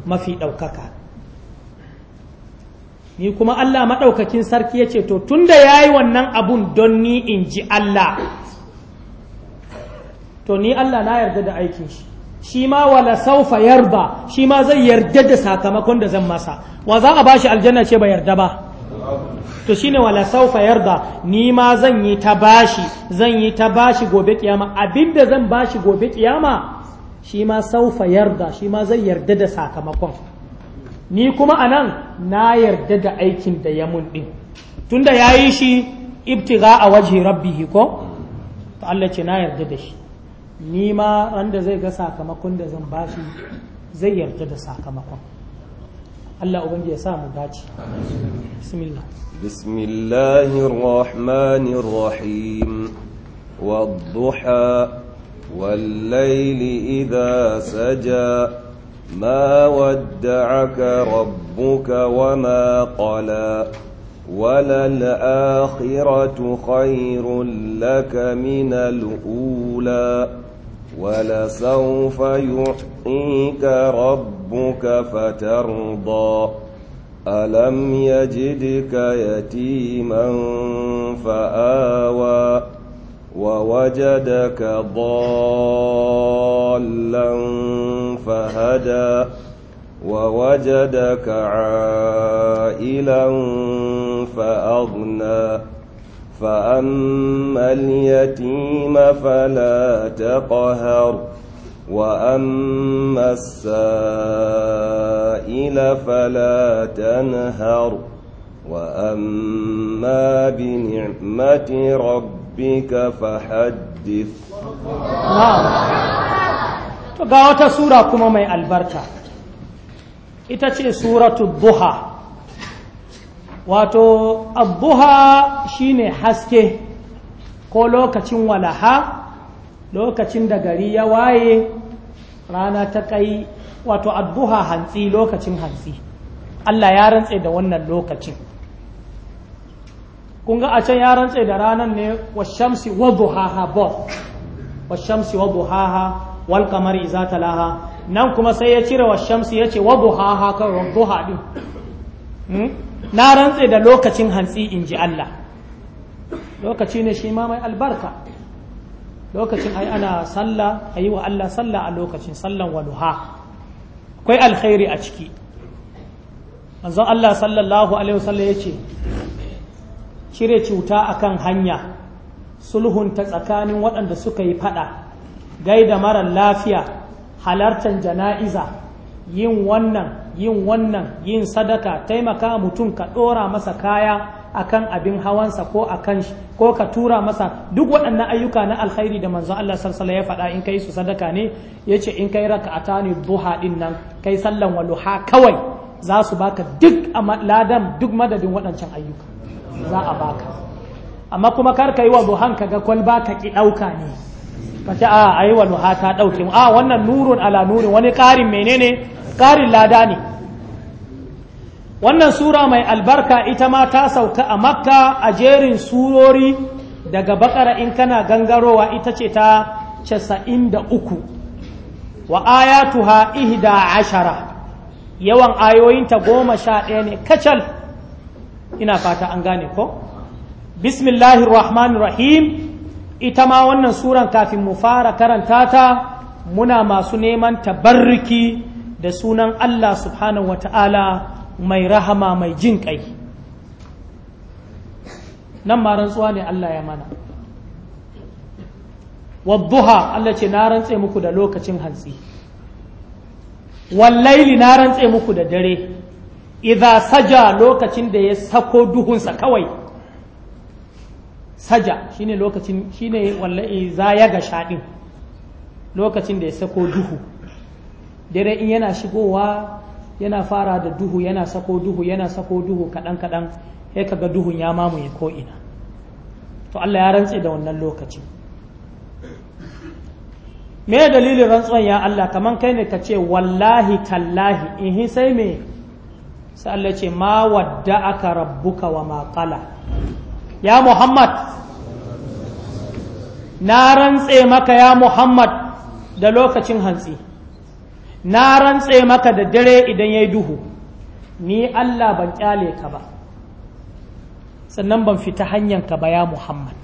mafi daukaka ni kuma Allah madaukakin sarki yace to tunda yayi wannan abun don ni in ji Allah to ni Allah na yarda da aikin shi shi ma wala saufa yarda shi ma zai yarda da sakamakon da zan masa wa za a bashi aljanna ce ba yarda ba to shine wala saufa yarda ni ma zan yi ta bashi zan yi ta bashi gobe kiyama abinda zan bashi gobe kiyama shi ma saufa yarda shi ma zai yarda da sakamakon ni kuma anan na yarda da aikin da ya mun din ya yi shi ibtiga a waje rabbihi ko to Allah ce na yarda da shi ni ma wanda zai ga sakamakon da zan bashi zai yarda da sakamakon Allah ubangi ya sa mu dace bismillah bismillahir rahmanir rahim wadduha والليل إذا سجى ما ودعك ربك وما قلى وللآخرة خير لك من الأولى ولسوف يعطيك ربك فترضى ألم يجدك يتيما فآوى ووجدك ضالا فهدى ووجدك عائلا فأغنى فأما اليتيم فلا تقهر وأما السائل فلا تنهر وأما بنعمة ربك فحدث to ga wata sura kuma mai albarka ita ce suratul duha wato abuha shine haske ko lokacin walaha lokacin da gari ya waye rana ta kai wato abuha hantsi lokacin hantsi Allah ya rantse da wannan lokacin kun ga a can ya rantse da ranar ne washamsi wa duhaha both washamsi wa buhaha wal kamar iza talaha nan kuma sai ya cire washamsi ya ce wa duhaha kan duha din hmm? na rantse da lokacin hantsi in ji Allah lokaci ne shi ma mai albarka lokacin ai ana sallah a yi wa Allah sallah a lokacin sallan waluha akwai alkhairi a ciki manzon Allah sallallahu alaihi wasallam ya ce cire cuta akan hanya sulhun ta tsakanin waɗanda suka yi fada gaida mara lafiya halartar jana'iza yin wannan yin wannan yin sadaka taimaka mutum ka ɗora masa kaya akan abin hawansa ko a kan shi ko ka tura masa duk waɗannan ayyuka na alkhairi da manzon Allah sarsala ya faɗa in kai su sadaka ne Ya ce in kai raka ne duha ɗin nan kai sallan waluha kawai za su baka duk a ladan duk madadin waɗancan ayyuka za a baka amma kuma kar ka yi wa buhan ka ga kwalba ka ki ɗauka ne ka ce a ayi waluha ta ɗauke a wannan nurun ala nurin wani ƙarin menene ƙarin lada ne wannan sura mai albarka ita ma ta sauka a makka a jerin surori daga bakara in kana gangarowa ita ce ta casa'in da uku wa ayatuha ihda ashara yawan ayoyinta goma sha ɗaya ne kacal ina fata an gane ko bismillahir rahmanir rahim ita ma wannan suran kafin mu fara karanta ta muna masu neman tabarriki da sunan Allah subhanahu wata'ala mai rahama mai jin ƙai nan ma rantsuwa ne Allah ya mana wadduha Allah ce na rantse muku da lokacin hantsi wallaili na rantse muku da dare idza saja lokacin da ya sako duhunsa kawai saja shine lokacin shine wallahi za ya ga shaɗin lokacin da ya sako duhu dare in yana shigowa yana fara da duhu yana sako duhu yana sako duhu kaɗan kaɗan sai kaga duhun ya mamaye ko ina to Allah ya rantse da wannan lokaci me dalilin rantsuwan ya Allah kaman kai ne ka ce wallahi tallahi in sai me sai Allah ce ma wadda aka rabbuka wa maƙala ya Muhammad na rantse maka ya Muhammad da lokacin hantsi na rantse maka da dare idan ya yi duhu ni Allah ban kyale ka ba sannan ban fita hanyanka ba ya Muhammad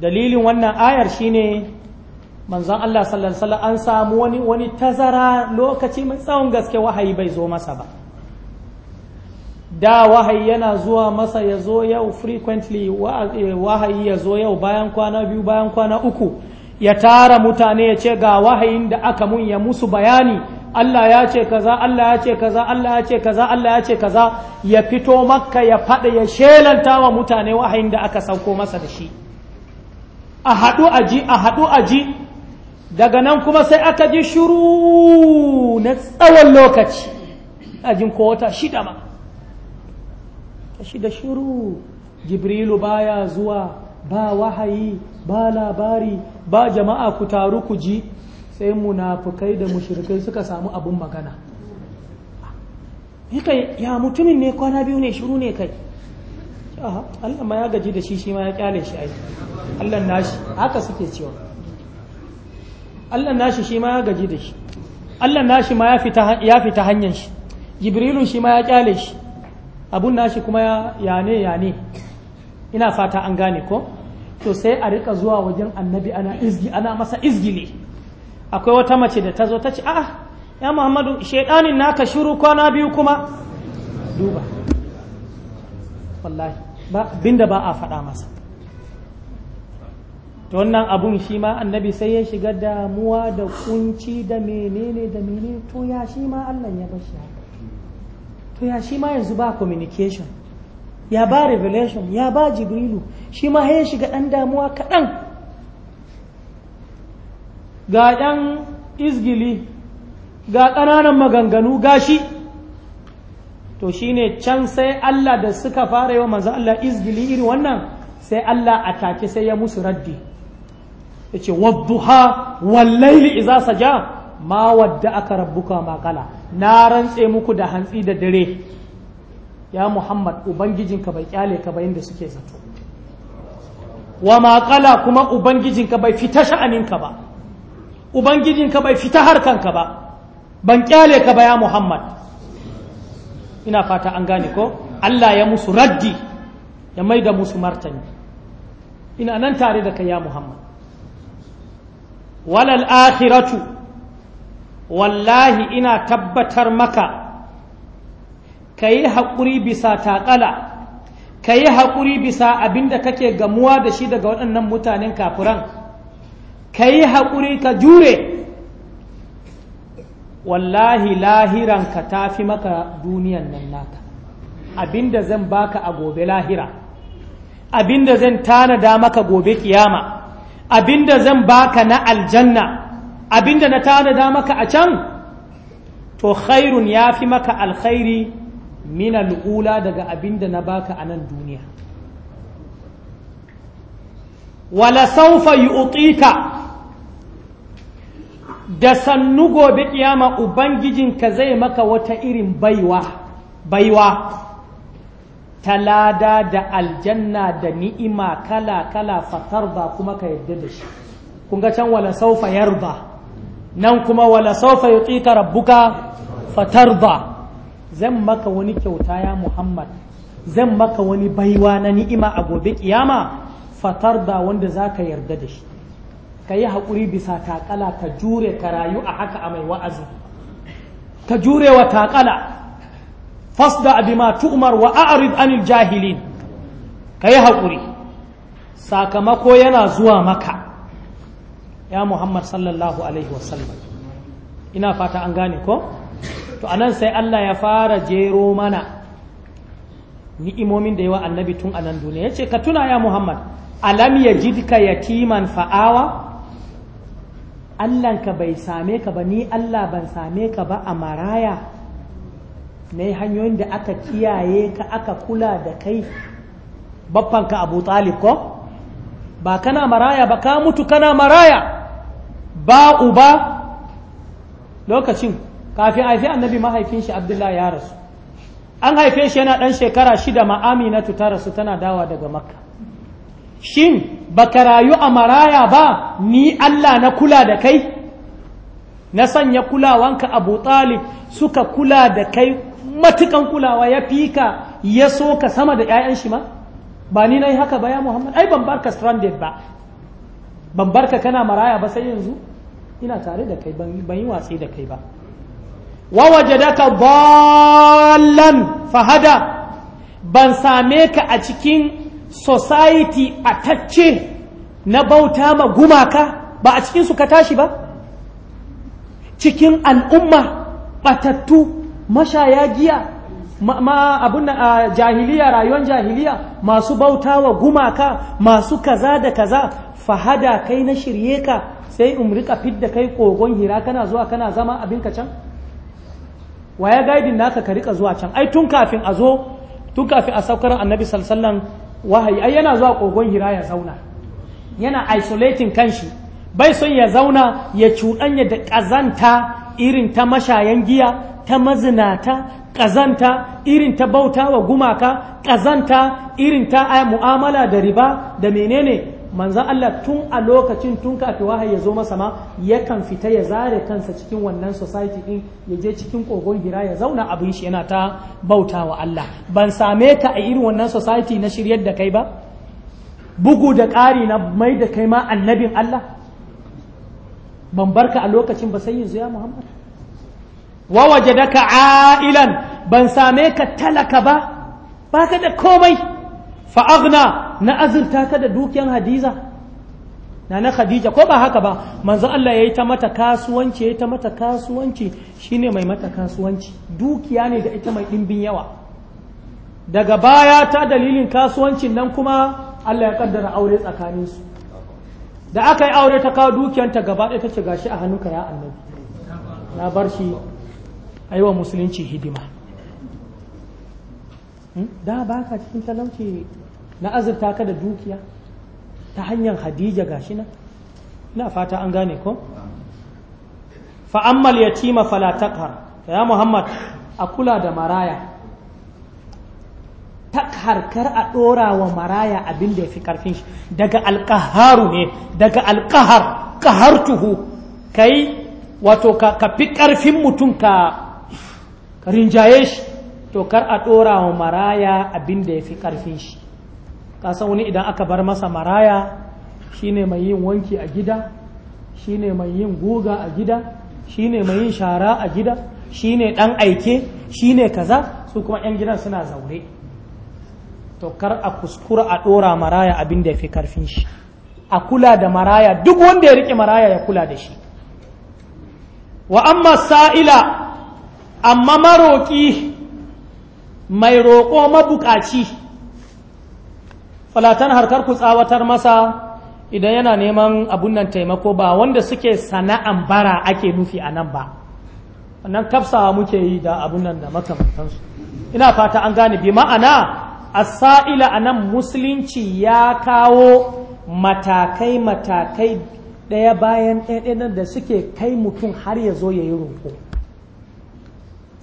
dalilin wannan ayar shine manzon Allah sallallahu alaihi wasallam an samu wani wani tazara lokaci mai tsawon gaske wahayi bai zo masa ba da wahayi yana zuwa masa ya zo yau frequently eh, wahayi ya zo yau bayan kwana biyu bayan kwana uku ya tara mutane ya ce ga wahayin da aka mun ya musu bayani Allah ya ce kaza Allah ya ce kaza Allah ya ce kaza Allah ya ce kaza ya fito makka ya faɗa ya shelanta wa mutane wahayin da aka sauko masa da shi a haɗu aji a haɗu aji daga nan kuma sai aka ji shuru na tsawon lokaci jin ko wata shida ma shida shuru jibrilu baya zuwa ba wahayi ba labari ba jama'a ku taru ku ji sai munafukai da mushrikai suka samu abun magana kai ya mutumin ne kwana biyu ne shiru ne kai ah, Allah ma ya gaji da shi shi ma ya kyale shi ai Allah nashi haka suke cewa Allah nashi shi ma ya gaji da shi Allah nashi ma ya fita hanyar shi Jibrilun shi ma ya kyale shi abun nashi kuma ya ne ya ne ina fata an gane ko to sai a rika zuwa wajen annabi ana izgi ana masa ne akwai wata mace da ta zo ta ce a'a ya muhammadu shaidanin naka shiru kwana biyu kuma duba wallahi ba binda ba a faɗa masa to wannan abun shi ma annabi sai ya shiga damuwa da kunci da menene da menene to ya shi ma Allah ya bashi haka to ya shi ma yanzu ba communication ya ba revelation ya ba jibrilu shi ma ya shiga ɗan damuwa kaɗan ga ɗan izgili ga ƙananan maganganu gashi to shine can sai Allah da suka fara yi wa manzo Allah izgili iri wannan sai Allah a take sai ya musu raddi yace wadduha wallaili iza saja ma wadda aka rabbuka ma kala na rantse muku da hantsi da dare ya muhammad ubangijinka bai kyale ka ba yadda suke zato wa makala kuma ubangijinka bai fita sha'aninka ba ubangijinka bai fita harkanka ba ban kyale ka ba ya muhammad ina fata an gane ko allah ya musu raddi ya mai da musu martani ina nan tare da kai ya muhammad walal akhiratu wallahi ina tabbatar maka ka yi haƙuri bisa taƙala ka yi haƙuri bisa abinda kake gamuwa da shi daga waɗannan mutanen kafuran. ka yi haƙuri ka jure wallahi lahiran ka tafi maka duniyan nan naka abin zan baka a gobe lahira abin da zan tanada maka gobe kiyama abin zan baka na aljanna abin da na tanada maka a can to khairun ya fi maka alkhairi Mina lu'ula daga abinda na baka a nan duniya wala saufa yu'tika da sannu gobe kiyama ka zai maka wata irin baiwa baiwa talada da aljanna da ni'ima kala-kala ba kuma ka yadda da shi kun ga can wala saufa yarba nan kuma wala saufa yutika rabbuka ba. zan maka wani kyauta ya Muhammad zan maka wani baiwa na ni'ima a gobe kiyama fatar da wanda za ka yarda da shi ka yi haƙuri bisa taƙala ka jure ka rayu a haka a mai wa'azi ka jure wa taƙala fasda abi ma tu'mar wa a'rid anil jahilin ka yi haƙuri sakamako yana zuwa maka ya Muhammad sallallahu alaihi wasallam ina fata an gane ko to anan sai Allah ya fara jero mana ni'imomin da yawa annabi tun anan duniya yace ka tuna ya Muhammad alam yajidka yatiman fa'awa Allah ka bai same ka ba ni Allah ban same ka ba a maraya ne hanyoyin da aka kiyaye ka aka kula da kai baffanka Abu Talib ko ba kana maraya ba ka mutu kana maraya ba uba lokacin kafin haifi annabi mahaifin shi abdullahi ya rasu an haife shi yana dan shekara shida ma aminatu ta rasu tana dawa daga makka shin baka rayu a maraya ba ni allah na kula da kai na sanya kulawanka abu talib suka kula da kai matukan kulawa ya fi ka ya so ka sama da 'ya'yan shi ma ba ni na yi haka ba ya muhammad ai ban barka stranded ba ban barka kana maraya ba sai yanzu ina tare da kai ban yi watsi da kai ba wawajadaka ballan fahada ban same ka a cikin society a tacce na bauta ma gumaka ba a cikinsu ka tashi ba cikin al'umma batattu mashaya giya ma, ma abun uh, jahiliya rayuwar jahiliya masu bauta wa gumaka masu kaza da kaza fahada kai na shirye ka sai in rika fidda kai kogon hira kana zuwa kana zama abinka can wa ya gaidin naka ka rika zuwa can ai tun kafin a zo tun kafin a saukar annabi sallallahu wahayi ai yana zuwa kogon hira ya zauna yana isolating kanshi bai son ya zauna ya cuɗanya da ƙazanta irin ta mashayan giya ta mazinata ƙazanta irin ta bauta wa gumaka ƙazanta irin ta mu'amala da riba da menene manzan Allah tun a lokacin tun kafin wahayi ya zo masa ma yakan fita ya zare kansa cikin wannan society din ya je cikin kogon hira ya zauna abin shi yana ta bauta wa Allah ban same ka a irin wannan society na shiryar da kai ba bugu da ƙari na mai da kai ma annabin Allah ban barka a lokacin ba sai yanzu ya Muhammad wa wajadaka ailan ban same ka talaka ba baka da komai fa na azurta ka da dukiyar hadiza na na khadija ko ba haka ba manzo Allah ya yi ta mata kasuwanci ya ta mata kasuwanci shine mai mata kasuwanci dukiya ne da ita mai ɗimbin yawa daga baya ta dalilin kasuwancin nan kuma Allah ya kaddara aure tsakaninsu da aka yi aure ta kawo dukiyanta gaba ɗaya ta ce gashi a hannunka ya annabi na bar shi aiwa musulunci hidima hmm? da ba ka cikin talauci na azurta ka da dukiya ta hanyar hadija gashi nan ina fata an gane ko fa'ammal yatima fala taqhar ya muhammad a kula da maraya takhar kar a ɗora wa maraya abin da yafi karfin shi daga alkaharu ne daga alkahar kahartuhu kai wato ka fi karfin mutum ka rinjaye shi to kar a ɗora wa maraya abin da yafi karfin shi kasan wani idan aka bar masa maraya shine mai yin wanki a gida shine mai yin guga a gida shine mai yin shara a gida shine dan aike shine kaza su kuma yan gidan suna zaure to kar a kuskura a ɗora maraya abin da ya fi karfin shi a kula da maraya duk wanda ya rike maraya ya kula da shi wa amma sa'ila amma maroƙi mai roƙo mabuƙaci. falatan harkar ku tsawatar masa idan yana neman abun nan taimako ba wanda suke sana'an bara ake nufi a nan ba wannan kafsawa muke yi da abun nan da makamantansu ina fata an gane bi ma'ana asa'ila a nan musulunci ya kawo matakai-matakai ɗaya bayan ɗaya da suke kai mutum har ya zo ya yi roƙo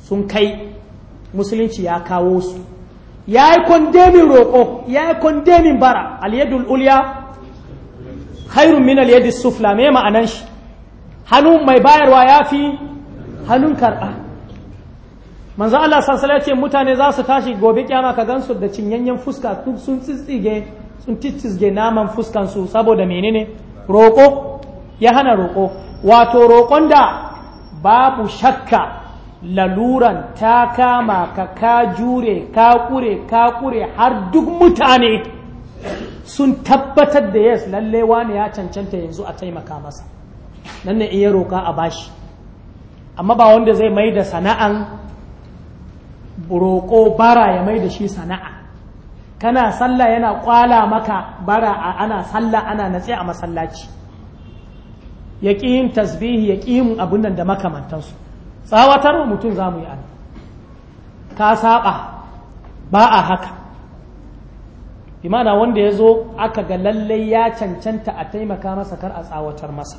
sun kai musulunci ya kawo su ya yi kondemin roƙo ya yi kondemin bara aliyadul ulya hairun min aliyadul sufla me ma'anan shi hannu mai bayarwa ya fi hannun karɓa manzo Allah sassala ya ce mutane za su tashi gobe kyama ka gansu da cinyanyen fuska sun tsitsige sun titsige naman fuskansu saboda menene roƙo ya hana roƙo wato roƙon da babu shakka laluran ta kama ka ka jure ka kure ka kure har duk mutane sun tabbatar da yes lalle wani ya cancanta yanzu a taimaka masa nan ne iya roka a bashi amma ba wanda zai mai da sana'an roƙo bara ya mai da shi sana'a kana sallah yana kwala maka bara a ana sallah ana natse a masallaci ya yin tasbihi ya ƙi yin da makamantansu tsawatar wa mutum za mu yi an ka saba ba a haka imana wanda ya zo aka ga lallai ya cancanta a taimaka masa kar a tsawatar masa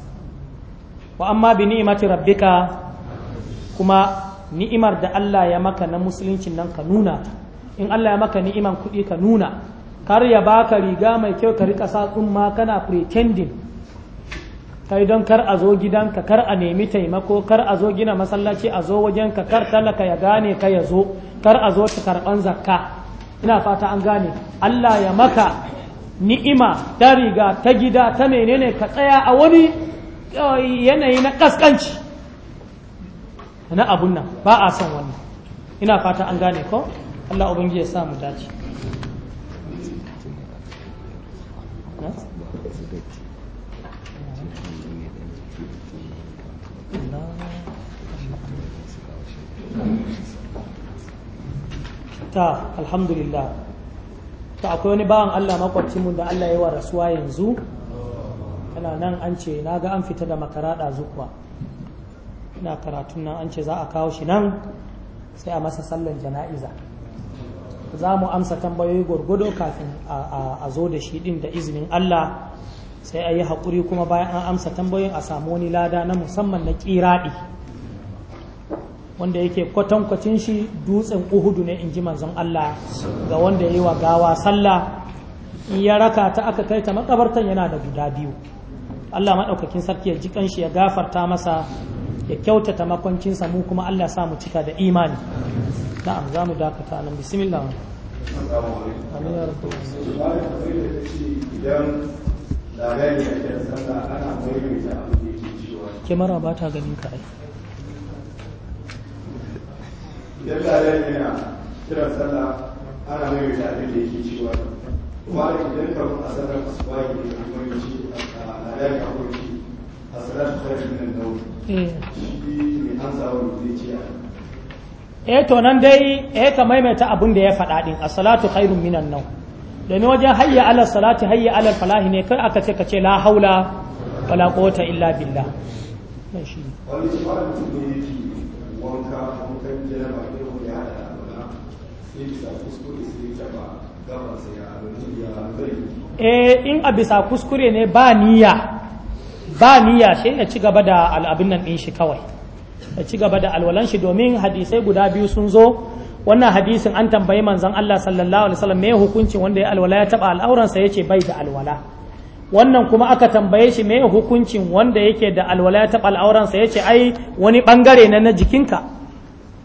wa amma bi ni'imati rabbika kuma ni'imar da Allah ya maka na musuluncin nan ka nuna in Allah ya maka ni'iman kuɗi ka nuna kar ya baka riga mai kyau ka rika sa tsumma kana pretending kai don kar a zo gidanka kar a nemi taimako kar a zo gina masallaci a zo wajenka kar talaka ya gane ka ya zo kar a zo ta karban zakka ina fata an gane Allah ya maka ni'ima ta riga ta gida ta menene ka tsaya a wani eh, yanayi na kaskanci na abun nan ba a son wannan ina fata an gane ko Allah ubangiji ya sa mu dace ta alhamdulillah ta akwai wani bawan Allah makwabcinmu da Allah yi wa rasuwa yanzu yana nan an ce na ga an fita da makaraɗa zukuwa ina karatun nan an ce za a kawo shi nan sai a masa sallan jana'iza za mu amsa tambayoyi gwargwado kafin a zo da shi din da izinin Allah sai a yi haƙuri kuma bayan an amsa tambayoyin a samu wani lada na musamman na ƙiraɗi wanda yake kwatankwacin shi dutsen uhudu ne in ji manzon Allah ga wanda ya yi wa gawa sallah in ya raka ta aka kai ta makabartan yana da guda biyu Allah maɗaukakin sarki ya ji kanshi ya gafarta masa ya kyautata makwancinsa mu kuma Allah sa mu cika da imani na'am za mu dakata nan bismillah kyamara ba ta ganin ka ai idan lalai yana kira sallah ana maimaita abin da yake cewa kuma da idan ka kuma sallar asuwa ne da kuma yace a lalai ka kuma a a sallar khairun nan dawo eh. shi ne an sawa mai zai ce eh to nan dai eh ka maimaita abin da ya faɗa din as-salatu khairun minan nawm domin wajen hayya alal salati hayya alal falahi ne kar aka ce ka ce la haula wala quwwata illa billah eh in a bisa kuskure ne ba niyya ba niyya sai ya ci gaba da al'abin nan din shi kawai ya ci gaba da alwalan shi domin hadisai guda biyu sun zo wannan hadisin an tambayi manzon Allah sallallahu alaihi wasallam me hukuncin wanda ya alwala ya taba al'auransa yace bai da alwala wannan kuma aka tambaye shi me hukuncin wanda yake da alwala ya taba al'auransa yace ai wani bangare ne na jikinka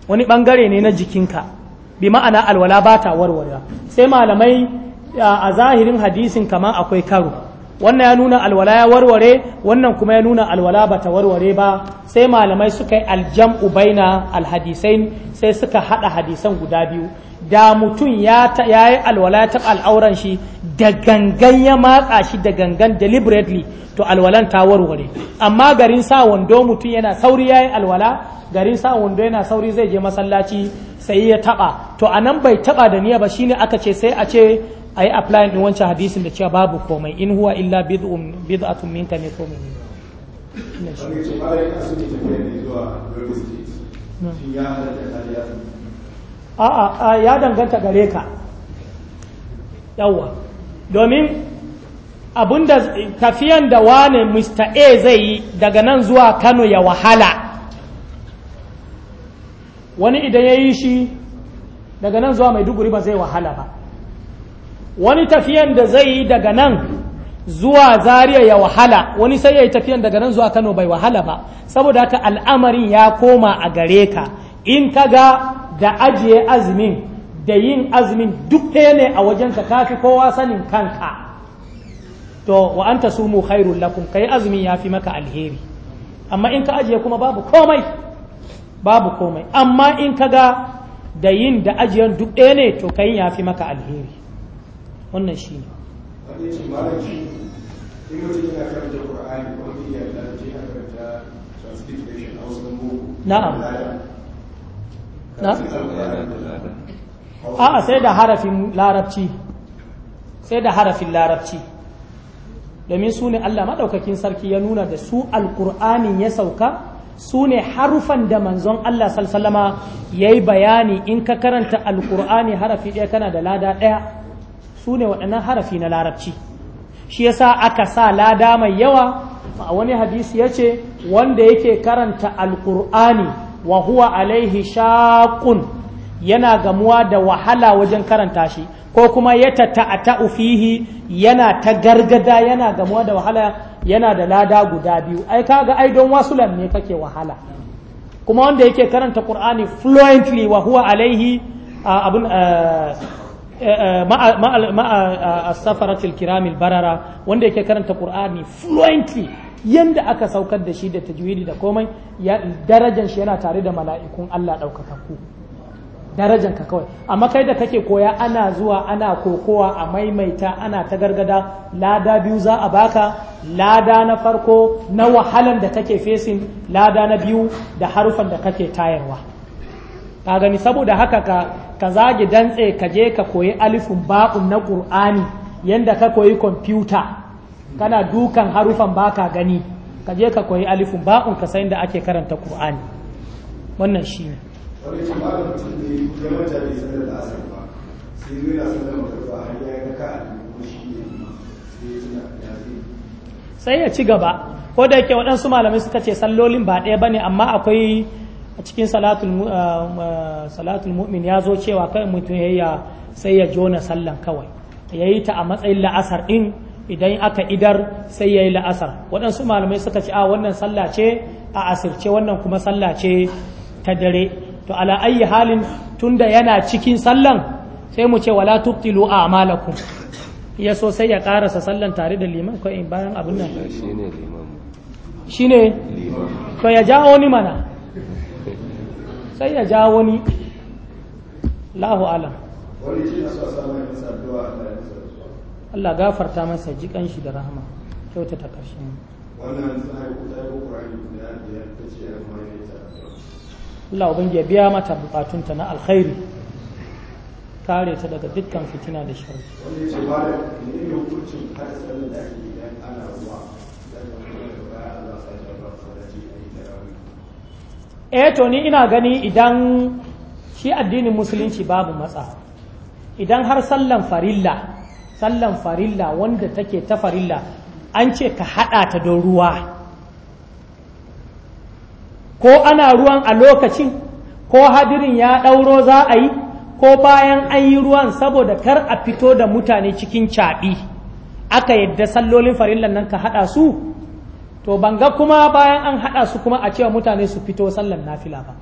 wani bangare ne na jikinka bi ma'ana alwala ba ta warware sai malamai a zahirin hadisin kamar akwai karo wannan ya nuna alwala ya warware wannan kuma ya nuna alwala ba ta warware ba sai malamai suka yi aljam'u baina alhadisai sai suka hada hadisan guda biyu da mutum ya yi alwala ya taɓa al'auran shi da gangan ya matsa shi da gangan deliberately to alwalan ta warware amma garin sa wando mutum yana sauri ya yi alwala garin sa wando yana sauri zai je masallaci sai ya taɓa to a nan bai taɓa da niyya ba shine aka ce sai a ce a yi apply din wancan hadisin da cewa babu komai in huwa illa bid'atun minka ne ne hmm. a'a ya danganta gare ka yawwa domin abinda tafiyan da wane Mr. A zai yi daga nan zuwa Kano ya wahala wani idan ya yi shi daga nan zuwa Maiduguri ba zai wahala ba wani tafiyan da zai yi daga nan zuwa zariya ya wahala wani sai ya yi tafiyan daga nan zuwa kano bai wahala ba saboda haka al'amarin ya koma a gare ka in ka ga da ajiye azumin da yin azumin duk ɗaya ne a wajenka ka fi kowa sanin kanka to wa anta sumu khairul lakum kai azumin ya fi maka alheri amma in ka ajiye kuma babu komai babu komai amma in ka ga da yin da ajiyan duk ɗaya ne to kai ya fi maka alheri wannan shi ne na'am a'a sai da harafin larabci sai da harafin larabci domin su ne Allah maɗaukakin sarki ya nuna da su Alƙur'ani ya sauka su ne harufan da manzon Allah salsalama ya yi bayani in ka karanta alƙur'ani harafi ɗaya kana da lada ɗaya su ne waɗannan harafi na larabci shi yasa aka sa lada mai yawa a wani hadisi ya ce wanda yake karanta alkur'ani wa huwa alaihi shaƙun yana gamuwa da wahala wajen karanta shi ko kuma ya ta'ata'u ufihi yana ta gargada yana gamuwa da wahala yana da lada guda biyu ai kaga ai don wasu ne kake wahala kuma wanda yake karanta qur'ani fluently wa huwa alaihi abun eh, ma'a kiramil barara wanda yake karanta qur'ani fluently yanda aka saukar da shi da tajwidi da komai ya darajan shi yana tare da mala'ikun Allah ku. darajan ka kawai amma kai da kake koya ana zuwa ana kokowa a maimaita ana ta gargada lada biyu za a baka lada na farko na wahalan da kake fesin lada na biyu da harufan da kake tayarwa ka gani saboda haka ka ka zage dantse ka je ka koyi alifun ba'un na qur'ani yanda ka koyi kwamfuta kana dukan harufan baka gani ka je ka koyi alifin ba'un ka san da ake karanta qur'ani wannan shi ne sai ya ci gaba ko da yake waɗansu malamai suka ce sallolin ba ɗaya bane amma akwai a cikin salatul mu'min ya zo cewa kai mutum ya sai ya jona sallan kawai ya yi ta a matsayin la'asar ɗin idan aka idar sai ya yi la'asar waɗansu malamai suka ce a wannan sallah ce a asirce wannan kuma sallah ce ta dare to ala ayi halin tunda yana cikin sallan sai mu ce wala tubtilu a'malakum ya so sai ya karasa sallan tare da liman ko in bayan abin nan shine liman shine ya ja wani mana sai ya ja wani lahu alam Allah gafarta masa jikan shi da rahama kyauta ta ƙarshe Allah ubangi ya biya mata bukatunta na alkhairi kare ta daga dukkan fitina da shari'a. wani ya ce ba da ne hukuncin har tsallan da ake idan ana ruwa eh to ni ina gani idan shi addinin musulunci babu matsa idan har sallan farilla sallan farilla wanda take ta farilla an ce ka haɗa ta don ruwa ko ana ruwan a lokacin ko hadirin ya ɗauro za a yi ko bayan an yi ruwan saboda kar a fito da mutane cikin caɓi aka yadda sallolin farillan nan ka haɗa su to banga kuma bayan an haɗa su kuma a cewa mutane su fito sallan nafila ba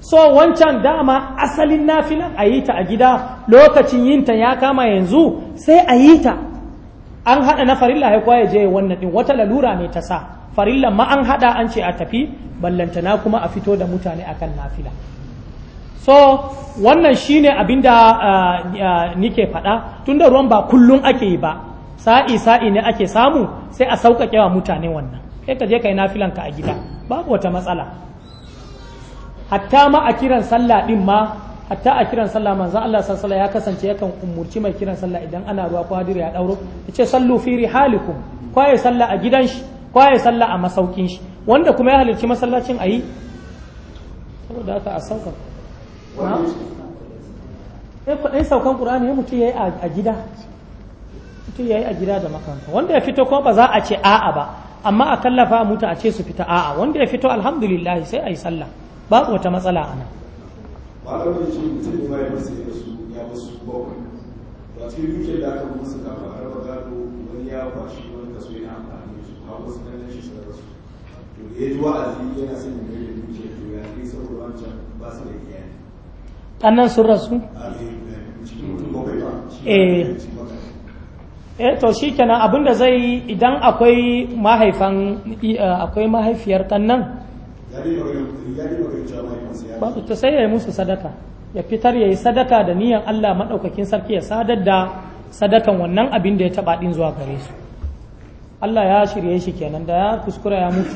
so wancan dama asalin nafila a yi ta a gida lokacin yinta ya kama yanzu sai a yi ta an haɗa na farilla ya je wannan ɗin wata lalura ne ta sa farilla ma an haɗa an ce a tafi ballantana kuma a fito da mutane akan nafila so wannan shine abin da uh, uh, nike faɗa tunda ruwan ba kullum ake yi ba sa'i sa'i ne ake samu sai a sauƙaƙe wa mutane wannan sai ka je kai nafilan ka a gida babu wata matsala hatta ma a kiran sallah din ma hatta a kiran sallah manzon Allah sallallahu alaihi ya kasance yakan umurci mai kiran sallah idan ana ruwa ko hadiri ya dauro yace sallu fi rihalikum ko ya salla a gidan shi ko ya salla a masaukin shi wanda kuma ya halarci masallacin ayi saboda haka a sauka eh ɗan saukan qur'ani ya mutu yayi a gida mutu yayi a gida da makaranta wanda ya fito ko ba za a ce a'a ba amma a kallafa mutu a ce su fita a'a wanda ya fito alhamdulillah sai a yi sallah babu wata matsala a nan ɗannan sun rasu? eh eh to shi abin da zai yi idan akwai mahaifan eh, akwai mahaifiyar ɗan nan babu ta sai ya yi musu sadaka ya fitar ya yi sadaka da niyan Allah maɗaukakin sarki ya sadar da sadakan wannan abin da ya taɓa ɗin zuwa gare su Allah ya shirye shi kenan da ya kuskura ya mutu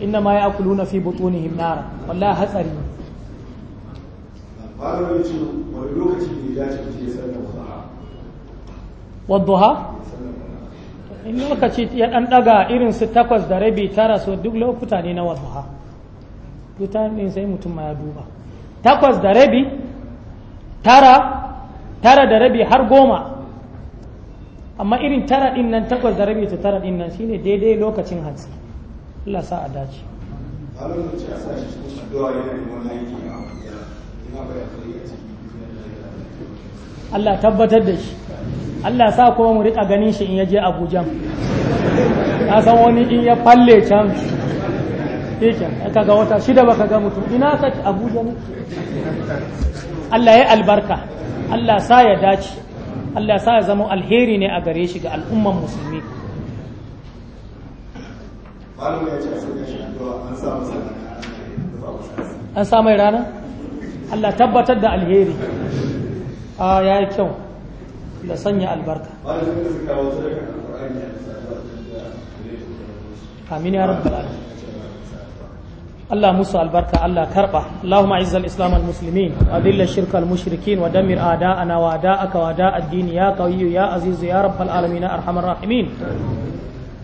inna ma ya akulu na fi butuni nara wallahi hatsari ne wani lokaci ne ya ce wadduha in lokaci ya dan daga irin su takwas da rabi tara so duk lokuta ne na wadduha duta ne sai mutum ma ya duba takwas da rabi tara tara da rabi har goma amma irin tara din nan takwas da rabi ta tara din nan shine daidai lokacin hatsi Allah sa a dace Allah tabbatar da shi Allah sa kuma mu rika ganin shi in ya je Abuja a san wani in ya falle can yake aka ga wata shida baka ga mutum ina ka Abuja ne Allah ya albarka Allah sa ya dace Allah sa ya zama alheri ne a gare shi ga al'umman musulmi an sa mai rana Allah tabbatar da alheri ah, a yayi kyau يعني الله موسى البركة الله كربة اللهم عز الإسلام المسلمين اذل الشرك المشركين ودمر أعداءنا وأعداءك وأعداء الدين يا قوي يا عزيز يا رب العالمين أرحم الراحمين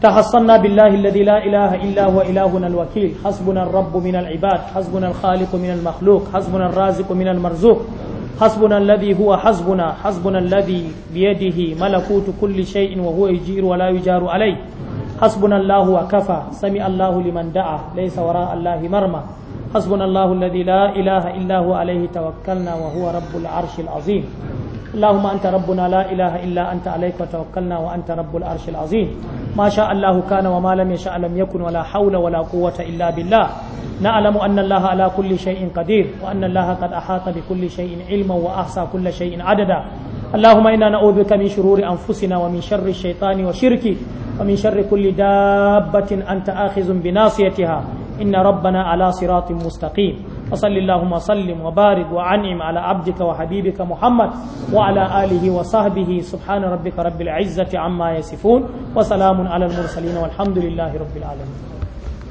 تحصنا بالله الذي لا إله إلا هو إلهنا الوكيل حسبنا الرب من العباد حسبنا الخالق من المخلوق حسبنا الرازق من المرزوق حسبنا الذي هو حسبنا حسبنا الذي بيده ملكوت كل شيء وهو يجير ولا يجار عليه حسبنا الله وكفى سمع الله لمن دعا ليس وراء الله مرمى حسبنا الله الذي لا إله إلا هو عليه توكلنا وهو رب العرش العظيم اللهم أنت ربنا لا إله إلا أنت عليك وتوكلنا وأنت رب العرش العظيم ما شاء الله كان وما لم يشاء لم يكن ولا حول ولا قوة إلا بالله نعلم أن الله على كل شيء قدير وأن الله قد أحاط بكل شيء علما وأحصى كل شيء عددا اللهم إنا نعوذ بك من شرور أنفسنا ومن شر الشيطان وشركه ومن شر كل دابة أنت آخذ بناصيتها إن ربنا على صراط مستقيم وصل اللهم وسلم وبارك وأنعم على عبدك وحبيبك محمد وعلى آله وصحبه سبحان ربك رب العزة عما يصفون وسلام على المرسلين والحمد لله رب العالمين